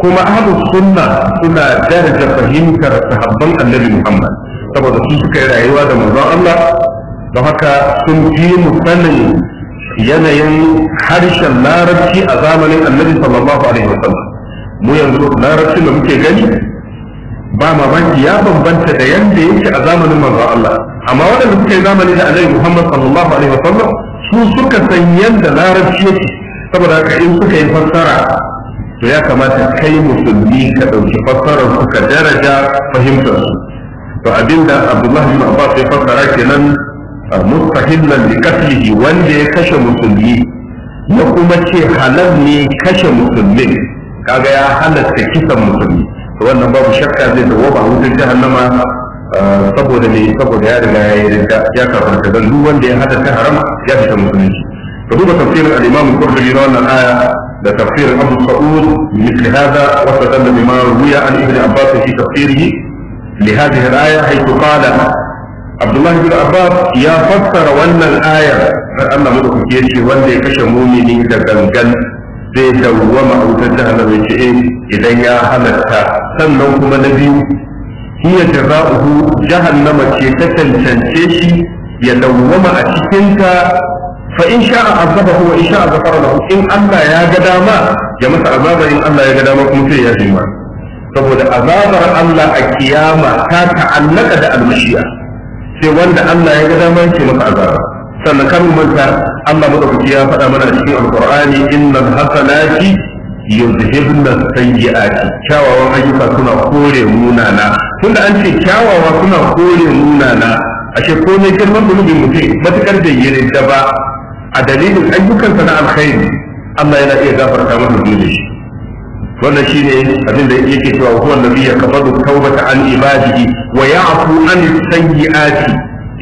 Speaker 1: kuma ahlu sunna suna daraja fahimtar sahabban annabi Muhammad saboda su suka yi rayuwa da manzon Allah don haka sun fi mu yanayin harshen larabci a zamanin annabi sallallahu alaihi wasallam mu yanzu larabci da muke gani ba mamaki ya bambanta da yanda yake a zamanin manzon Allah amma waɗanda suka yi zamani da annabi Muhammad sallallahu alaihi wasallam su suka san yanda larabci yake saboda haka in suka yi fassara to ya kamata kai musulmi ka ɗauki fassarar ka daraja fahimtar su to abinda Abdullahi bin Abbas ya fassara kenan mustahillan li qatlihi wanda ya kashe musulmi ya kuma ce halar ne kashe musulmin kaga ya halatta kisan musulmi to wannan babu shakka zai dawo ba wutar jahannama eh, saboda ne saboda ya riga ya yi ya karfarta dan duk wanda ya hada ta haram ya fita musulunci to duba tafsirin al-Imam na wannan aya da tafsirin Abu Sa'ud misli hada wa tadalla bima ruwiya an Ibn Abbas fi tafsirihi Abdullahi bin Abbas ya fassara wannan ayar da Allah madaukake wanda ya kashe mumini da gangan zai dawwama a wutar jahannam ya ce eh, idan ya halatta sannan kuma na biyu hiya jaza'uhu jahannama ce ta cancance shi ya dawwama a cikinta fa in sha'a azabahu wa in sha'a ghafara lahu in Allah ya ga dama ya masa azabar in Allah ya ga dama kuma sai ya jima saboda azabar Allah a kiyama ta ta'allaka da almashiya sai wanda Allah ya ga dama yake maka azaba sannan kan manta Allah madaukaki ya faɗa mana cikin alqur'ani innal hasanati yuzhibna sayyi'ati kyawawan ayyuka suna kore munana tunda an ce kyawawa suna kore munana ashe ne girman zunubin mutum matukar da yi da ba a dalilin ayyukansa na alkhairi Allah yana iya gafarta masa shi wannan shine abin da yake cewa huwa allazi yaqbadu tawbata an ibadihi wa ya'fu an sayyi'ati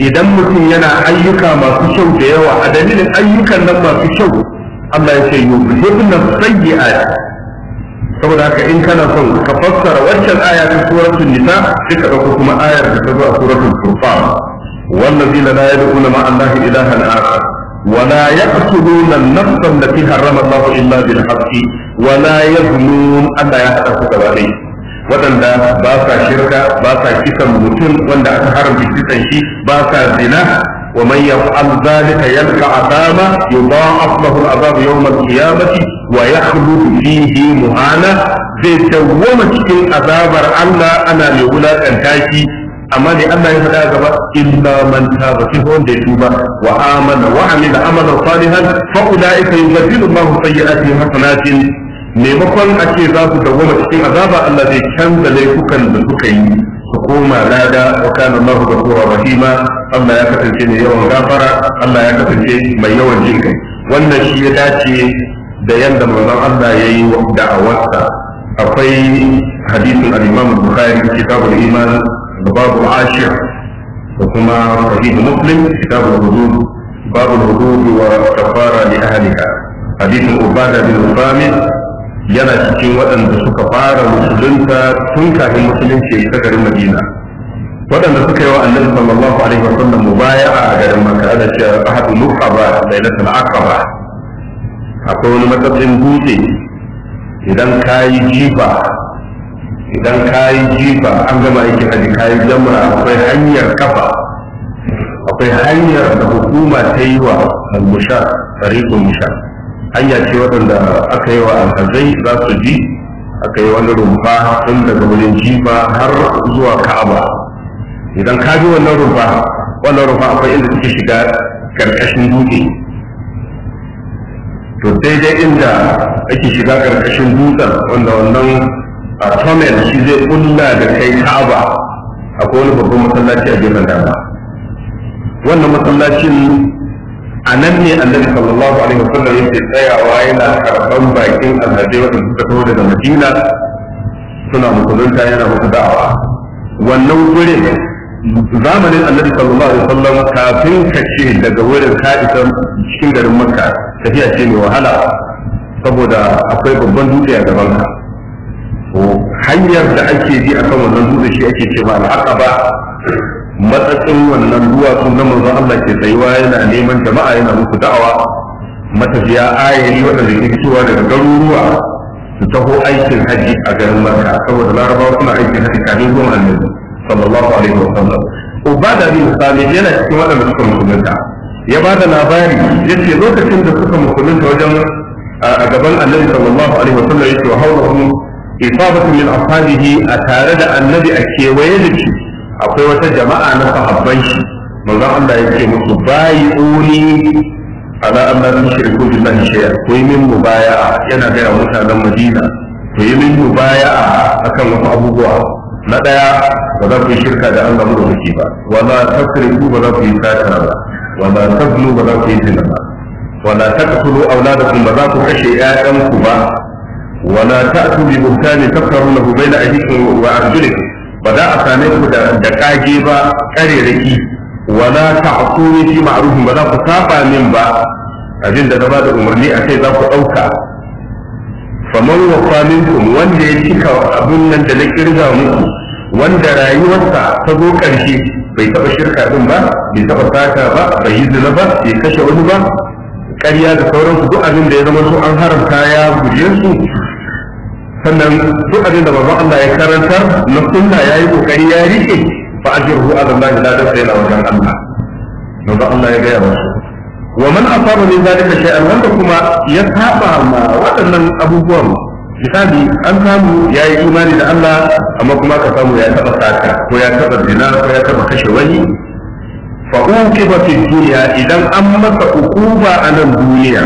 Speaker 1: idan mutum yana ayyuka masu kyau da yawa a dalilin ayyukan nan masu kyau Allah ya ce yuzhibna sayyi'ati saboda haka in kana son ka fassara waccan aya ta suratul nisa sai ka dauko kuma ayar da ta zo a suratul furqan wallazina la yad'una ma'a allahi ilahan akhar ولا يقتلون النفس التي حرم الله الا بالحق wala yazlum Allah ya haɗa su gaba waɗanda ba sa shirka ba sa kisan mutum wanda aka haramta kisan shi ba sa zina ومن يفعل ذلك يلقى عذابا يضاعف له العذاب Wa القيامة ويخلد فيه muhana. zai dawwama cikin azabar Allah ana mai wulaƙanta shi amma ne Allah ya faɗa gaba illa man taba fi wanda tuba wa amana wa amila amalan salihan fa ulaika yubaddilu Allahu sayyi'atihim hasanatin maimakon a ce za su dawwama cikin azaba Allah zai canza laifukan da suka yi su koma lada wa kana Allah ghafurur rahima Allah ya kasance mai yawan gafara Allah ya kasance mai yawan jin kai wannan shi ya dace da yanda manzon Allah yayi da'awarsa akwai hadisin al-Imam Bukhari kitabul iman da babu ashir da kuma sahih Muslim kitabul hudud babu hudud wa kafara li ahliha hadisin Ubada bin Samit yana cikin waɗanda suka fara musulunta tun kafin musulunci ta garin madina waɗanda suka yi wa annabi sallallahu alaihi wasallam mubaya'a a garin makka ana cewa ahadu nuhaba lailatul aqaba akwai wani matsatsin dutse idan kayi jifa idan kayi jifa an gama aikin haji kayi jamra akwai hanyar kafa akwai hanyar da hukuma ta yi wa al-mushar tariqul mushar hanya ce waɗanda aka yi wa alhazai za su ji aka yi wani rumfa tun daga wurin jifa har zuwa ka'aba idan ka ji wannan rumfa wannan rumfa akwai inda suke shiga karkashin dutse to daidai inda ake shiga karkashin dutsen wanda wannan a shi zai kulla da kai ka'aba akwai wani babban masallaci a gefen dama wannan masallacin a nan ne annabi sallallahu alaihi wasallam yake tsayawa yana karban bakin alhaji wanda suka taho daga madina suna musulunta yana musu da'awa wannan gurin zamanin annabi sallallahu alaihi wasallam kafin kace daga wurin ka isa cikin garin makka tafiya ce mai wahala saboda akwai babban dutse a gaban ka hanyar da ake bi akan wannan dutse shi ake cewa al'aqaba matsatsin wannan duwatsu na manzo Allah ke tsayuwa yana neman jama'a yana musu da'awa matafiya ayyari waɗanda ke fitowa daga garuruwa su taho aikin haji a garin Makka saboda Larabawa suna aikin haji kafin zuwan Annabi sallallahu alaihi wa sallam Ubada bin Salih yana cikin waɗanda suka musulunta ya ba da labari yace lokacin da suka musulunta wajen a gaban Annabi sallallahu alaihi wa sallam yake wa hawlahum isabatu min ashabihi a tare da Annabi a kewaye da shi akwai wata jama'a na sahabban shi manzon Allah ya ce musu bai'uni ala an la tushriku billahi shay'a ku yi min mubaya'a yana ga mutanen Madina ku yi min mubaya'a akan wasu abubuwa na daya ba za ku yi shirka da Allah mu da ba wa la tasriku ba za ku yi sata ba wa la tablu ba za ku yi zina ba wa la taqtulu awladakum ba za ku kashe ƴaƴanku ba wa la ta'tu bi buhtani tafkarunahu bayna aydikum wa arjulikum ba za a same ku da da kage ba kareraki wala ta'tuni fi ma'rufin ba za ku saba min ba abin da ba da umarni a kai za ku dauka faman wafa minkum wanda ya cika abun nan da na kirga muku wanda rayuwarsa ta zo karshe bai taba shirka din ba bai taba sata ba bai yi zina ba bai kashe wani ba ƙarya da sauransu duk abin da ya zama su an haramta ya guje su sannan duk abin da manzon Allah ya karantar na sunna yayi kokari ya rike fa ajruhu ala Allah la da sai lawan wajen Allah manzon Allah ya gaya musu wa man asaba min zalika shay'an wanda kuma ya saba ma waɗannan abubuwan misali an samu ya yi imani da Allah amma kuma ka samu ya taɓa saka ko ya taɓa zina ko ya taɓa kashe wani fa uqiba fi dunya idan an masa ukuba a nan duniya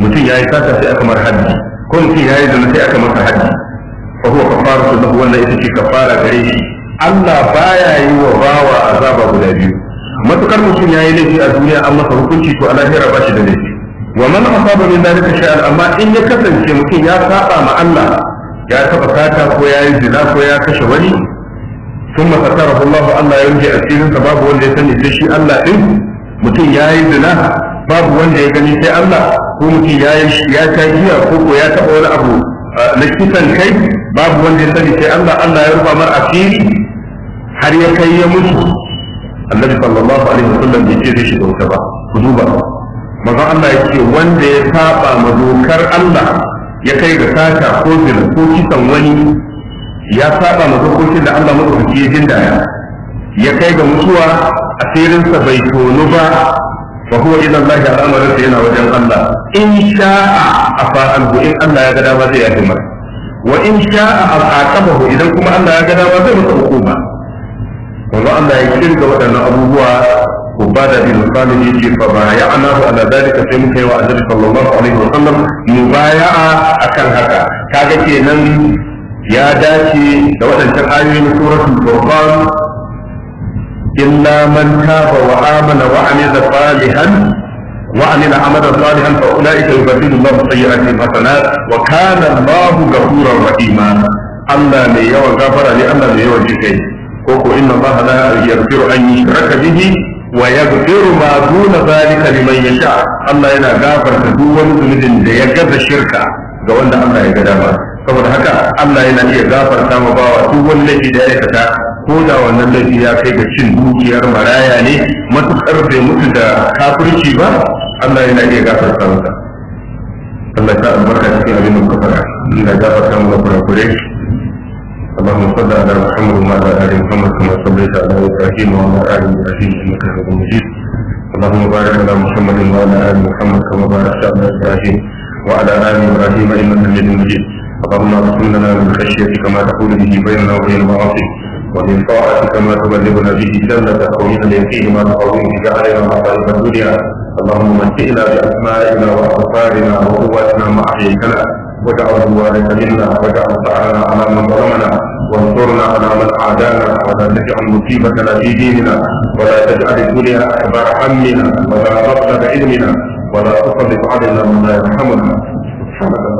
Speaker 1: mutum ya yi saka sai aka mar haddi ko mutum ya yi zina sai aka masa haji fa huwa kafaratu lahu wanda ita ce kafara gare shi Allah baya yi wa bawa azaba guda biyu matukar mutum ya yi laifi a duniya an masa hukunci to a lahira ba shi da laifi wa man asaba min dalika shay'an amma in ya kasance mutum ya saba ma Allah ya taba kata ko ya yi zina ko ya kashe wani ثم ستره الله الله يرجع asirin babu wanda ya sani sai shi Allah ɗin? mutum ya yi zina babu wanda ya gani sai Allah ko mutum ya ya ta giya ko ko ya taɓa wani abu na kisan kai babu wanda ya sani sai Allah Allah ya rufa mar asiri har ya kai ya mutu annabi sallallahu alaihi wasallam bai ce zai da wuta ba ku duba manzon Allah ya ce wanda ya saba ma dokar Allah ya kai ga sata ko zina ko kisan wani ya saba ma dokokin da Allah madaukaki ya jindaya ya kai ga mutuwa asirinsa bai tono ba fa huwa ila Allah al'amarin yana wajen Allah in sha'a a anhu in Allah ya ga dama zai yafe masa wa in sha'a a aqabahu idan kuma Allah ya ga dama zai masa hukuma wanda Allah ya kirga waɗannan abubuwa ubada bin salim yace fa bay'anahu ala ka sai muka yi wa annabi sallallahu alaihi wa sallam mubaya'a akan haka kaga kenan ya dace da waɗancan ayoyin suratul furqan illa man taba wa amana wa amila salihan وعمل عملا صالحا فاولئك يبدل الله سيئاتهم حسنات وكان الله غفورا رحيما الله mai yawan gafara ne Allah mai yawan jikai ko ko inna Allah la yaghfiru an yushraka bihi wa yaghfiru ma duna zalika liman yasha Allah yana gafarta duk wani zunubin da ya gaza shirka ga wanda Allah ya ga dama saboda haka Allah yana iya gafarta ma bawa duk wani laifi da ya aikata ko da wannan laifi ya kai ga cin dukiyar maraya ne matukar bai mutu da kafirci ba Allah yana iya gafarta masa Allah ta albarka cikin abin da kafara fara ina gafarta mu da kurakurai اللهم صل على محمد وعلى ال محمد كما صليت على ابراهيم وعلى ال ابراهيم انك حميد مجيد اللهم بارك على محمد وعلى ال محمد كما باركت على ابراهيم وعلى ال ابراهيم انك حميد مجيد اللهم اغفر لنا من خشيتك ما تحول به بيننا وبين معاصيك ومن طاعتك ما تبلغنا به جنتك ومن اليقين ما تقوم به علينا مصائب الدنيا اللهم متئنا باسمائنا وابصارنا وقواتنا ما احييتنا واجعل الوارث منا واجعل ثارنا على من ظلمنا وانصرنا على من عادانا ولا تجعل مصيبتنا في ديننا ولا تجعل الدنيا اكبر همنا ولا ربنا علمنا ولا تسلط علينا من لا يرحمنا سبحانك